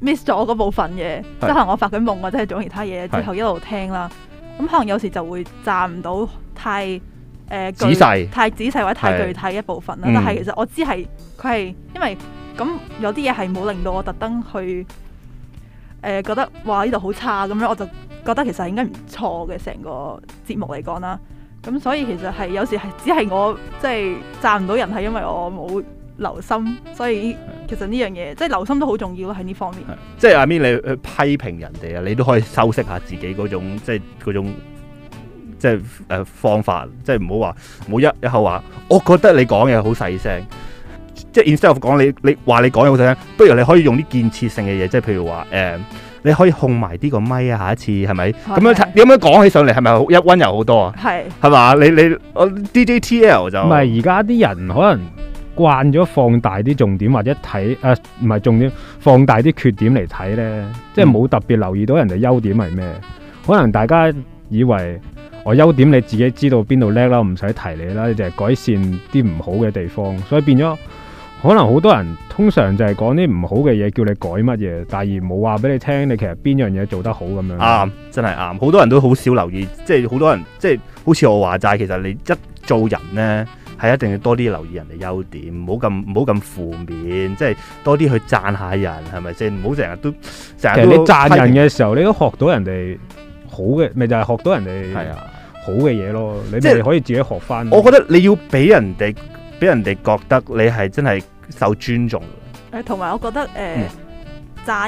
miss 咗嗰部分嘢，是即係可能我發緊夢或者係做其他嘢，之後一路聽啦。咁是可能有時就會賺唔到太。誒，仔細、呃、太仔細或者太具體一部分啦，嗯，但係其實我只係佢係，因為咁有啲嘢係冇令到我特登去誒、呃，覺得哇呢度好差咁樣，我就覺得其實係應該唔錯嘅，成個節目嚟講啦。咁所以其實係有時係只係我即係讚唔到人，係因為我冇留心，所以其實呢樣嘢即係留心都好重要喺呢方面。即係阿 Min 你去批評人哋啊，你都可以修飾下自己嗰種即係嗰種。即係誒、啊、方法，即係唔好話，唔好一一口話。我覺得你講嘢好細聲，即係 instead of 講你，你話你講嘢好細聲，不如你可以用啲建設性嘅嘢，即係譬如話誒、呃，你可以控埋啲個咪啊。下一次係咪咁樣？你咁樣講起上嚟係咪一温柔好多啊？係係嘛？你，你我 DJ TL 就唔係，而家啲人可能慣咗放大啲重點或者睇誒唔係重點，放大啲缺點嚟睇咧，即係冇特別留意到人哋優點係咩？可能大家以為。我優點你自己知道邊度叻啦，唔使提你啦，你就係改善啲唔好嘅地方，所以變咗可能好多人通常就係講啲唔好嘅嘢，叫你改乜嘢，但而冇話俾你聽，你其實邊樣嘢做得好咁樣。啱，啊，真係啱，好多人都好少留意，即係好多人即係、即係、好似我話齋，其實你一做人呢，係一定要多啲留意人哋優點，唔好咁唔好咁負面，即、就、係、係、多啲去讚下人，係咪先？唔好成日都成日你讚人嘅時候，你都學到人哋好嘅，咪就係學到人哋係啊。好嘅嘢咯，你即係可以自己學翻。我覺得你要俾人哋，俾人哋覺得你係真係受尊重。誒，同埋我覺得誒，讚、呃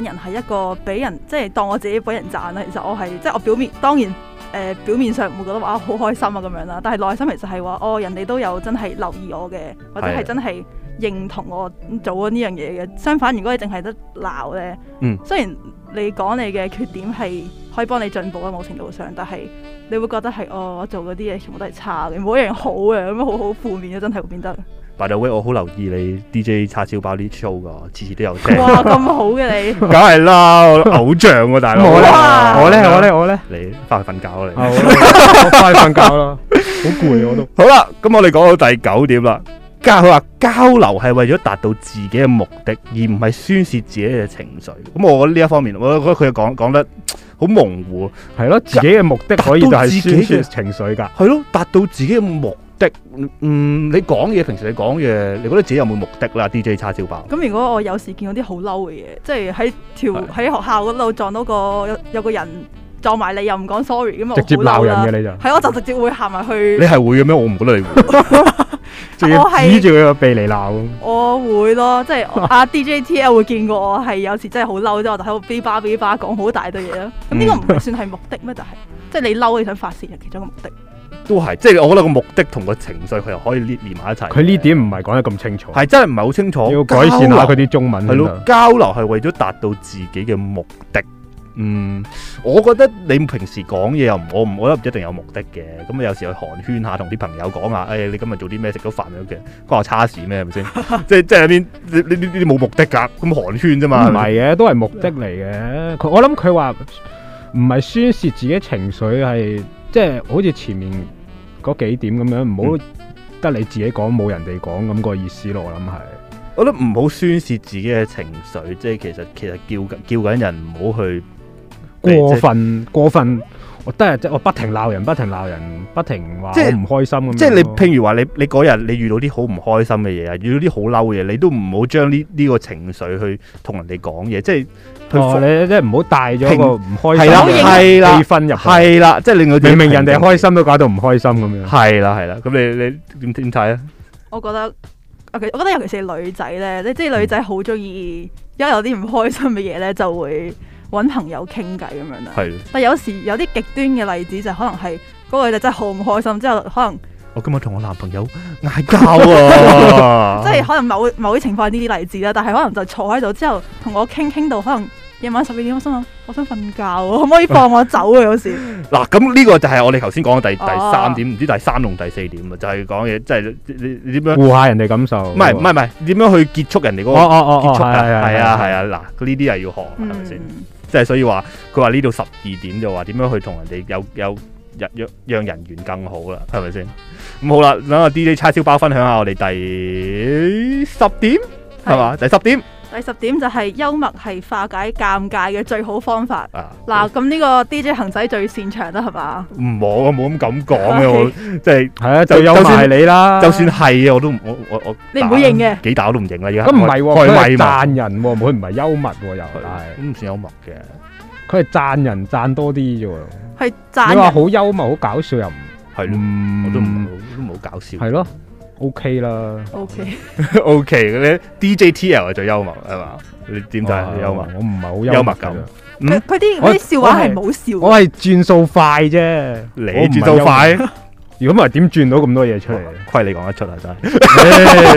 嗯、人係一個俾人即係當我自己俾人讚啦。其實我係即係我表面當然誒、呃、表面上唔會覺得話啊好開心啊咁樣啦，但係內心其實係話哦人哋都有真係留意我嘅，或者係真係。認同我做緊呢樣嘢嘅。相反，如果你淨係得鬧咧，雖然你講你嘅缺點係可以幫你進步啊，某程度上，但係你會覺得係哦，我做嗰啲嘢，全部都係差嘅，冇一樣好嘅，咁樣好好負面啊，真係會變得。By the way，我好留意你 DJ 叉燒包啲 show 噶，次次都有聽。哇，咁好嘅你，梗係啦，偶像啊大佬。我咧、er 啊，我咧，我咧，你翻去瞓覺啦，我翻去瞓覺啦，好攰我都。好啦，咁我哋講到第九點啦。家佢話交流係為咗達到自己嘅目的，而唔係宣泄自己嘅情緒。咁、嗯、我覺得呢一方面，我覺得佢講講得好模糊，係咯，自己嘅目的可以就係宣泄情緒噶，係咯，達到自己嘅目的。嗯，你講嘢平時你講嘢，你覺得自己有冇目的啦？DJ 叉燒包。咁如果我有時見到啲好嬲嘅嘢，即係喺條喺學校嗰度撞到個有有個人。撞埋你又唔講 sorry，咁直接鬧人嘅，你就係，我就直接會行埋去。你係會嘅咩？我唔覺得你會。我係指住佢個鼻嚟鬧。我會咯，即係阿 DJTL 會見過我，係有時真係好嬲，即係我就喺度嗶巴嗶巴講好大堆嘢咯。咁呢個唔算係目的咩？就係即係你嬲你想發洩嘅其中一個目的。都係，即係我覺得個目的同個情緒佢又可以連埋一齊。佢呢點唔係講得咁清楚，係真係唔係好清楚。要改善下佢啲中文。係咯，交流係為咗達到自己嘅目的。嗯，我覺得你平時講嘢又唔，我唔，我覺得唔一定有目的嘅。咁有時去寒暄下，同啲朋友講下，誒、哎，你今日做啲咩？食咗飯冇嘅？關我叉事咩？係咪先？即係即係邊呢？呢啲冇目的噶，咁寒暄啫嘛。唔係嘅，都係目的嚟嘅。佢 我諗佢話唔係宣洩自己情緒，係即係好似前面嗰幾點咁樣，唔好得你自己講，冇、嗯、人哋講咁個意思咯。我諗係，我諗唔好宣洩自己嘅情緒，即、就、係、是、其實其實，其實叫叫緊人唔好去。過分過分，我都係即我不停鬧人，不停鬧人，不停話即係唔開心咁。即係你譬如話你你嗰日你遇到啲好唔開心嘅嘢啊，遇到啲好嬲嘅嘢，你都唔好將呢呢個情緒去同人哋講嘢，即係哦，你即係唔好帶咗個唔開心嘅氣氛入去，係啦，即係令明明人哋開心都搞到唔開心咁樣，係啦係啦，咁你你點點睇啊？我覺得，我我覺得尤其是女仔咧，即即係女仔好中意，一有啲唔開心嘅嘢咧就會。揾朋友傾偈咁樣啦，但有時有啲極端嘅例子就可能係嗰個就真係好唔開心，之後可能我今日同我男朋友嗌交啊，即係可能某某啲情況呢啲例子啦，但係可能就坐喺度之後同我傾傾到可能夜晚十二點，我心諗我想瞓覺，可唔可以放我走啊？有時，嗱咁呢個就係我哋頭先講嘅第第三點，唔知第三同第四點啊，就係講嘢即係你你點樣護下人哋感受？唔係唔係唔係點樣去結束人哋嗰個結束㗎？係啊係啊嗱，呢啲係要學係咪先？即係所以話，佢話呢度十二點就話點樣去同人哋有有日讓讓人緣更好啦，係咪先？咁好啦，等我 DJ 叉燒包分享下我哋第十點，係嘛？的第十點。第十點就係幽默係化解尷尬嘅最好方法。嗱，咁呢個 D J 恒仔最擅長啦，係嘛？唔好，啊，冇咁咁講嘅，即係係啊，就幽默你啦。就算係我都我我我你唔會認嘅，幾打我都唔認啦。而家咁唔係喎，佢係讚人喎，佢唔係幽默又係。唔算幽默嘅，佢係讚人讚多啲啫。係你話好幽默好搞笑又唔係咯？我都唔好都冇搞笑。係咯。O K 啦，O K，O K，啲 D J T L 係最幽默係嘛？你點睇幽默？我唔係好幽默感。佢佢啲笑話係冇笑。我係轉數快啫，你轉數快。如果唔係，點轉到咁多嘢出嚟？虧你講得出啊，真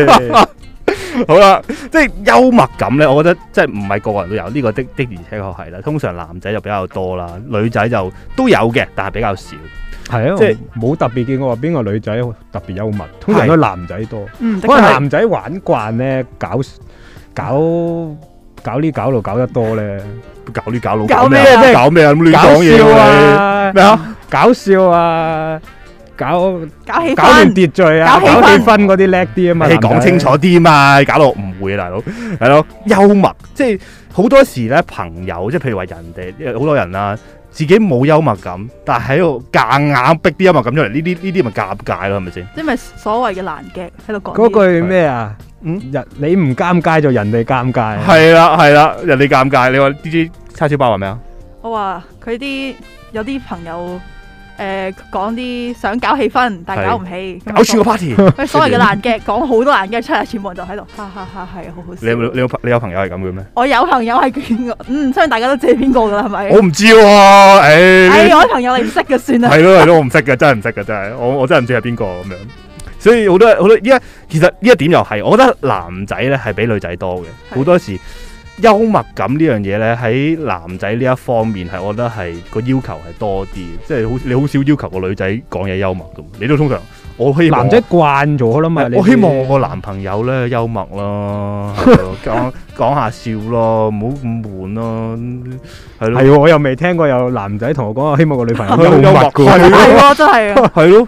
係。好啦，即係幽默感咧，我覺得即係唔係個個人都有呢個的的而且確係啦。通常男仔就比較多啦，女仔就都有嘅，但係比較少。係啊，即係冇特別見過話邊個女仔特別幽默，通常都男仔多。可能男仔玩慣咧，搞搞搞呢搞老搞得多咧，搞呢搞老。搞咩啫？搞咩咁亂講嘢啊？咩啊？搞笑啊？搞搞起搞亂秩序啊？搞起分嗰啲叻啲啊嘛？你講清楚啲嘛？搞到誤會大佬，係咯？幽默即係好多時咧，朋友即係譬如話人哋，好多人啊。自己冇幽默感，但係喺度夾硬逼啲幽默感出嚟，呢啲呢啲咪尷尬咯，係咪先？即係咪所謂嘅爛 gag 喺度講？嗰句咩、嗯、啊？嗯、啊啊，人你唔尷尬就人哋尷尬。係啦係啦，人哋尷尬，你話呢啲叉燒包話咩啊？我話佢啲有啲朋友。誒，講啲，呃、想搞氣氛，是但搞唔起，搞似個 party 說。 所謂嘅爛 gag，講好多爛 gag 出嚟，全部人就喺度，哈哈哈，哈，係好好笑。你有你有朋友係咁嘅咩？我有朋友係邊個？嗯，相信大家都知係邊個噶啦，係咪，啊哎哎？我唔知喎，誒你了，我啲朋友你唔識嘅算啦。係咯係咯，我唔識嘅，真係唔識嘅，真係我我真係唔知係邊個咁樣。所以好多好多依家，其實呢一點又係，我覺得男仔咧係比女仔多嘅，好的多時。幽默感呢樣嘢咧，喺男仔呢一方面，係我覺得係個要求係多啲，即係好你好少要求個女仔講嘢幽默噶。你都通常我希男仔慣咗啦嘛。我希望我個男朋友咧幽默咯，講講下笑咯，唔好咁悶咯，係咯。係，我又未聽過有男仔同我講，我希望個女朋友幽默噶，係喎，真係，係咯，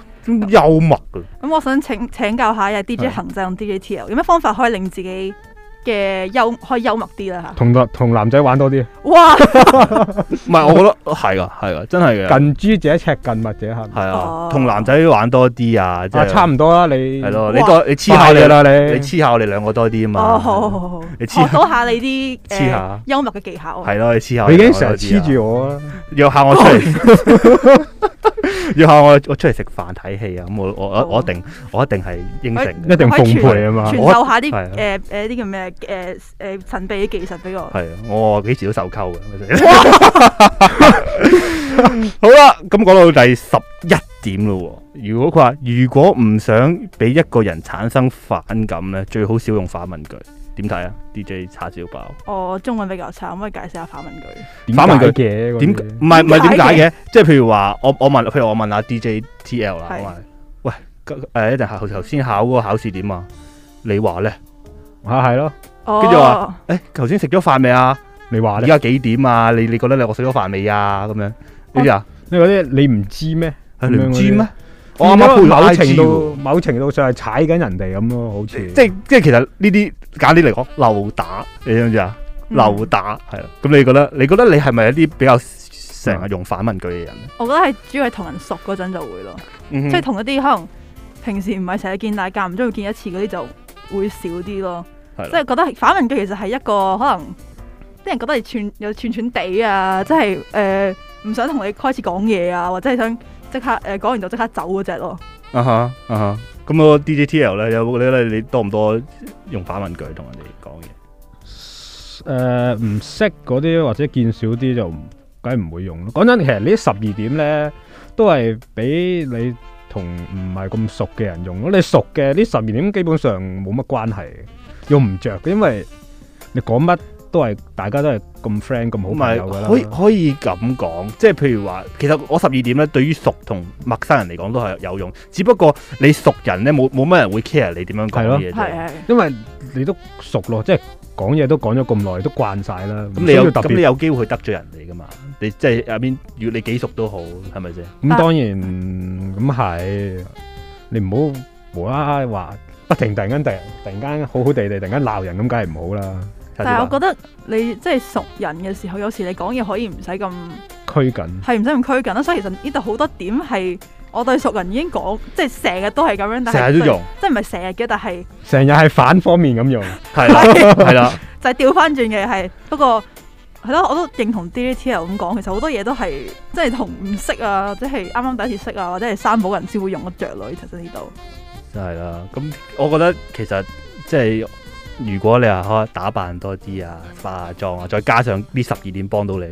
幽默噶。咁我想請請教下，有 DJ 恒仔 DJ TL 有咩方法可以令自己嘅幽可以幽默啲啦，同同男仔玩多啲。哇，唔係，我覺得係啊，係啊，真係嘅。近朱者赤，近墨者黑。係啊，同男仔玩多啲啊，即係差唔多啦。你係咯，你個你黐下你啦，你你黐下我哋兩個多啲啊嘛。哦，好好好，你黐多下你啲誒幽默嘅技巧。係咯，你黐下。你已經成日黐住我啊，約下我出嚟。 以後我出我出嚟食飯睇戲啊，咁我我我一定我一定係應承，我一定奉陪啊嘛。我傳授下啲誒誒啲叫咩誒誒神秘嘅技術俾我。係 啊，我幾時都受溝嘅。好啦，咁講到第十一點啦。如果佢話如果唔想俾一個人產生反感咧，最好少用反問句。點睇啊，DJ 叉燒包？我中文比較差，可唔可以解釋下反問句？反問句嘅點？唔係唔係點解嘅？即係譬如話，我我問，譬如我問下 DJ TL 啦，喂，誒，一陣頭頭先考嗰個考試點啊？你話咧吓，係咯，跟住話，誒，頭先食咗飯未啊？你話咧？而家幾點啊？你你覺得你我食咗飯未啊？咁樣呢啲啊？呢啲你唔知咩？你唔知咩？我啱啱某程度，某程度上係踩緊人哋咁咯，好似。即係即係，其實呢啲假啲嚟講，留打你知唔知啊？留、嗯、打係啦，咁你，你覺得你覺得你係咪一啲比較成日用反問句嘅人？嗯、我覺得係主要係同人熟嗰陣就會咯，嗯、哼即係同一啲可能平時唔係成日見大，大間唔中會見一次嗰啲就會少啲咯。的即係覺得反問句其實係一個可能，啲人覺得你有串有串串地啊，即係誒唔想同你開始講嘢啊，或者係想。即刻誒講完就即刻走嗰隻咯。啊哈啊哈。咁個 D J T L 咧有嗰啲咧，你多唔多用反問句同人哋講嘢？誒，唔識嗰啲或者見少啲就梗係唔會用咯。講真，其實呢十二點咧都係俾你同唔係咁熟嘅人用咯。你熟嘅呢十二點基本上冇乜關係，用唔着嘅，因為你講乜？都係大家都係咁 friend，咁好朋友啦。可以可以咁講，即係譬如話，其實我十二點咧，對於熟同陌生人嚟講都係有用。只不過你熟人咧，冇冇乜人會 care 你點樣講嘢啫。啊、因為你都熟咯，即係講嘢都講咗咁耐，都慣晒啦。咁你有咁你有機會得罪人哋噶嘛？你即係入邊，要你幾熟都好，係咪先？咁當然咁係的、嗯，你唔好無啦啦話不停，突然間突然突然間好好地地突然間鬧人咁，梗係唔好啦。但係我覺得你即係熟人嘅時候，有時你講嘢可以唔使咁拘謹，係唔使咁拘謹啦。所以其實呢度好多點係我對熟人已經講，即係成日都係咁樣，成日都用，即係唔係成日嘅，但係成日係反方面咁用，係啦，係啦，就係調返轉嘅係。不過係咯，我都認同 D L T 又咁講，其實好多嘢都係即係同唔識啊，或者係啱啱第一次識啊，或者係三寶人先會用得着。女其實呢度就係啦。咁我覺得其實即係。就係如果你話可打扮多啲啊，化妝啊，再加上呢十二點幫到你，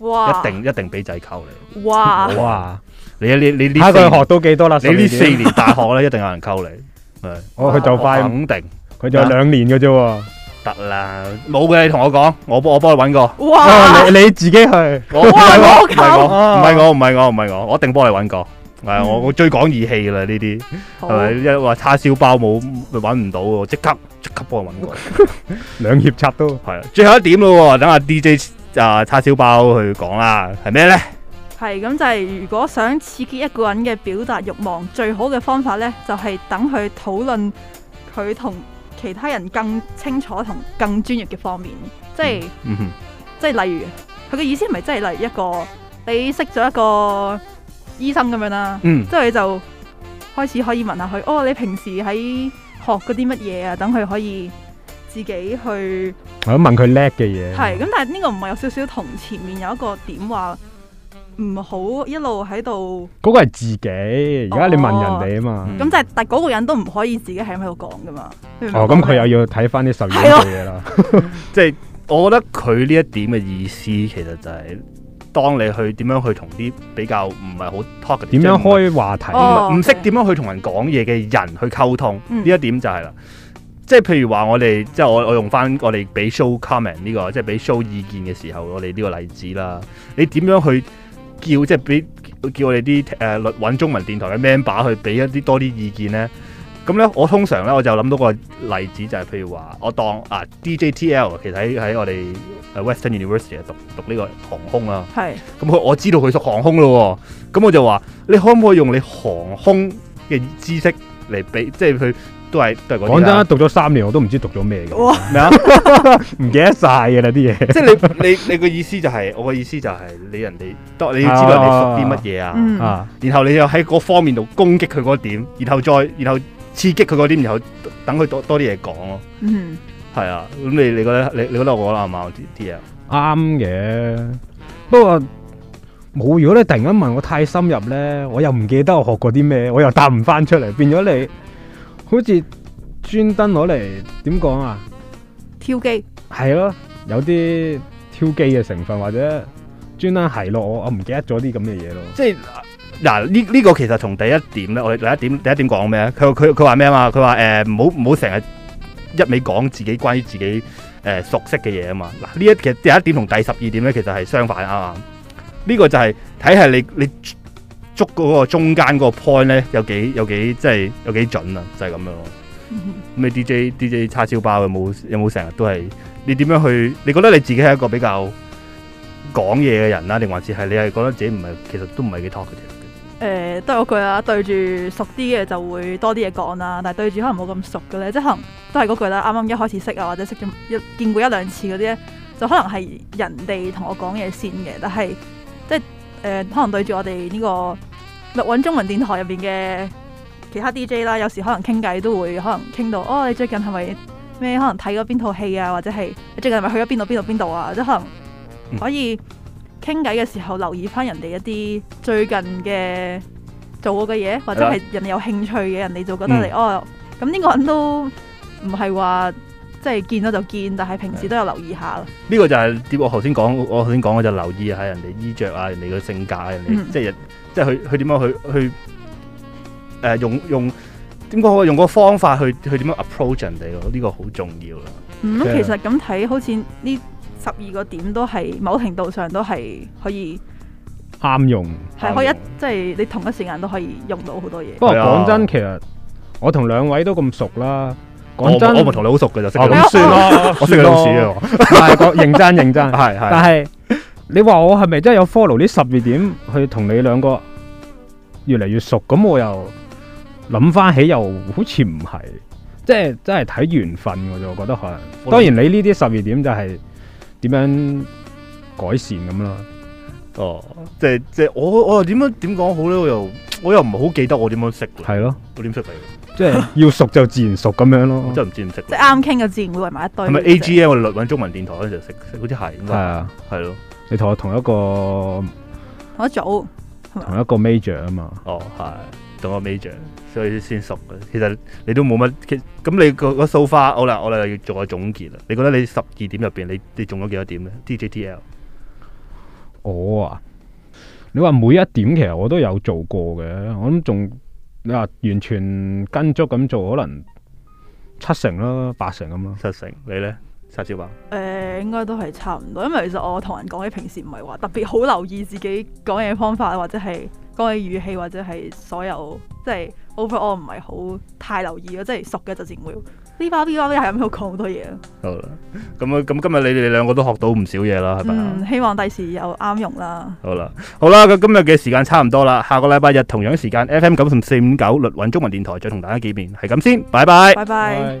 哇一，一定一定俾仔溝你，哇哇，哇你你你呢四年學到幾多啦？你呢四年大學咧，一定有人溝你，誒、啊啊，我佢就快，五定佢就兩年嘅啫，得啦哇，冇嘅、啊，你同我講，我我幫你揾個，哇，你自己去哇， 我，唔係我，唔係我，唔係我，唔係我，我一定幫你揾個。係、嗯、我好是是我最講義氣啦呢啲，係咪一話叉燒包冇搵唔到喎？即刻即刻幫我搵過。兩肋插都係啊，最後一點咯，等阿 DJ 啊、呃、叉燒包去講啦，係咩咧？係咁就係、是、如果想刺激一個人嘅表達欲望，最好嘅方法咧，就係等佢討論佢同其他人更清楚同更專業嘅方面，即係，嗯嗯、即係例如佢嘅意思係咪即係例如一個你識咗一個？醫生咁樣啦，即係、嗯、你就開始可以問下佢，哦，你平時喺學嗰啲乜嘢啊？等佢可以自己去，係問佢叻嘅嘢。係咁，但係呢個唔係有少少同前面有一個點話唔好一路喺度。嗰個係自己，而家你問人哋啊嘛。咁、哦、就但嗰個人都唔可以自己係喺度講噶嘛。哦，咁佢又要睇翻啲十年嘅嘢啦。即係是的 我覺得佢呢一點嘅意思，其實就係、是。當你去點樣去同啲比較唔係好 talk，點樣開話題，唔識點樣去同人講嘢嘅人去溝通呢、嗯、一點就係啦。即係譬如話，我哋即係我我用翻我哋俾 show comment 呢、呢個，即係俾 show 意見嘅時候，我哋呢個例子啦。你點樣去叫即係俾叫我哋啲誒揾中文電台嘅 member 去俾一啲多啲意見咧？咁咧，我通常咧我就諗到個例子就係譬如話，我當啊 DJTL 其實喺喺我哋 Western University 讀讀呢個航空啦，係咁我我知道佢讀航空咯，咁、嗯、我就話你可唔可以用你航空嘅知識嚟俾，即係佢都係都係講、啊、真啦，讀咗三年我都唔知讀咗咩嘅，唔記得晒嘅啦啲嘢，即係你你你個意思就係、是、我個意思就係、是、你人哋，你你要知道你熟啲乜嘢啊，然後你又喺嗰方面度攻擊佢嗰點，然後再然後刺激佢嗰點，然後等佢多多啲嘢講咯。嗯係啊，咁你你覺得你你覺得我啦係嘛啲啲嘢？啱嘅，不過冇如果你突然間問我太深入咧，我又唔記得我學過啲咩，我又答唔翻出嚟，變咗你好似專登攞嚟點講啊？挑機？係咯，有啲挑機嘅成分或者專登，係咯，我我唔記得咗啲咁嘅嘢咯。即係嗱呢呢個其實從第一點咧，我哋第一點第一點講咩？佢佢佢話咩啊嘛？佢話，誒，唔好唔好成日。一味講自己關於自己誒熟悉嘅嘢啊嘛，嗱呢一其實第一點同第十二點咧，其實係相反啊。呢個就係睇下你你捉嗰個中間嗰個 point 咧，有幾有幾即係有幾準啊，就係咁樣咯。咁你 D J D J 叉燒包有冇有冇成日都係你點樣去？你覺得你自己係一個比較講嘢嘅人啦，定還是係你係覺得自己唔係？其實都唔係幾 talk 嘅。誒、呃、都係嗰句啦，對住熟啲嘅就會多啲嘢講啦，但係對住可能冇咁熟嘅咧，即係可能都係嗰句啦。啱啱一開始識啊，或者識咗一見過一兩次嗰啲咧，就可能係人哋同我講嘢先嘅。但係即係誒、呃，可能對住我哋呢個咪揾中文電台入邊嘅其他 DJ 啦，有時可能傾偈都會可能傾到哦，你最近係咪咩？可能睇咗邊套戲啊，或者係你最近係咪去咗邊度邊度邊度啊？即可能可以。傾偈嘅時候留意翻人哋一啲最近嘅做過嘅嘢，或者係人哋有興趣嘅，的人哋就覺得你、嗯、哦，咁呢個人都唔係話即係見咗就見，但係平時都有留意下咯。呢、這個就係點我頭先講，我頭先講嘅就留意下人哋衣着啊，人哋個性格，啊，嗯、人哋即係即係去去點樣去去誒、呃、用用點解我用，用個方法去去點樣 approach 人哋咯，呢、這個好重要啦。嗯，其實咁睇好似呢。十二個點都係某程度上都係可以啱用，係可以一即係你同一時間都可以用到好多嘢。不過講真，其實我同兩位都咁熟啦。講真，我唔同你好熟嘅就識咁算囉。我算老死啊，認真認真係係。但係你話我係咪真係有 follow 呢十二點去同你兩個越嚟越熟？咁我又諗翻起，又好似唔係，即係真係睇緣分嘅啫。我覺得可能當然你呢啲十二點就係。點樣改善咁啦？哦，即係即係我我又點樣點講好咧？我又我又唔係好記得我點樣識嘅。係咯的，我點識你，即係要熟就自然熟咁 樣咯。即真係唔知唔識。即係啱傾嘅自然會圍埋一堆。係咪 AGM？我哋揾中文電台嗰陣時識識好似係。係啊，係咯。你同我同一個同一組，同一個 major 啊嘛。哦，係同一個 major。哦所以先熟嘅，其實你都冇乜，咁你、嗰個、嗰個數法好啦，我哋要做個總結啦。你覺得你十二點入邊，你你中咗幾多點呢 DJ TL。我啊，你話每一點其實我都有做過嘅，我諗仲你話完全跟足咁做，可能七成啦，八成咁咯。七成，你呢？叉燒話？誒，uh, 應該都係差唔多，因為其實我同人講起平時唔係話特別好留意自己講嘢方法或者係，講嘅語氣或者係所有，即係 overall 唔係好太留意咯，即係熟嘅就自然會。呢包呢包呢係咁樣講好多嘢。好啦，咁啊，咁今日你哋兩個都學到唔少嘢啦，係咪，嗯。吧希望第時又啱用啦。好啦，好啦，咁今日嘅時間差唔多啦，下個禮拜日同樣時間 F M 九十四點九律韻中文電台再同大家見面，係咁先，拜拜，拜拜。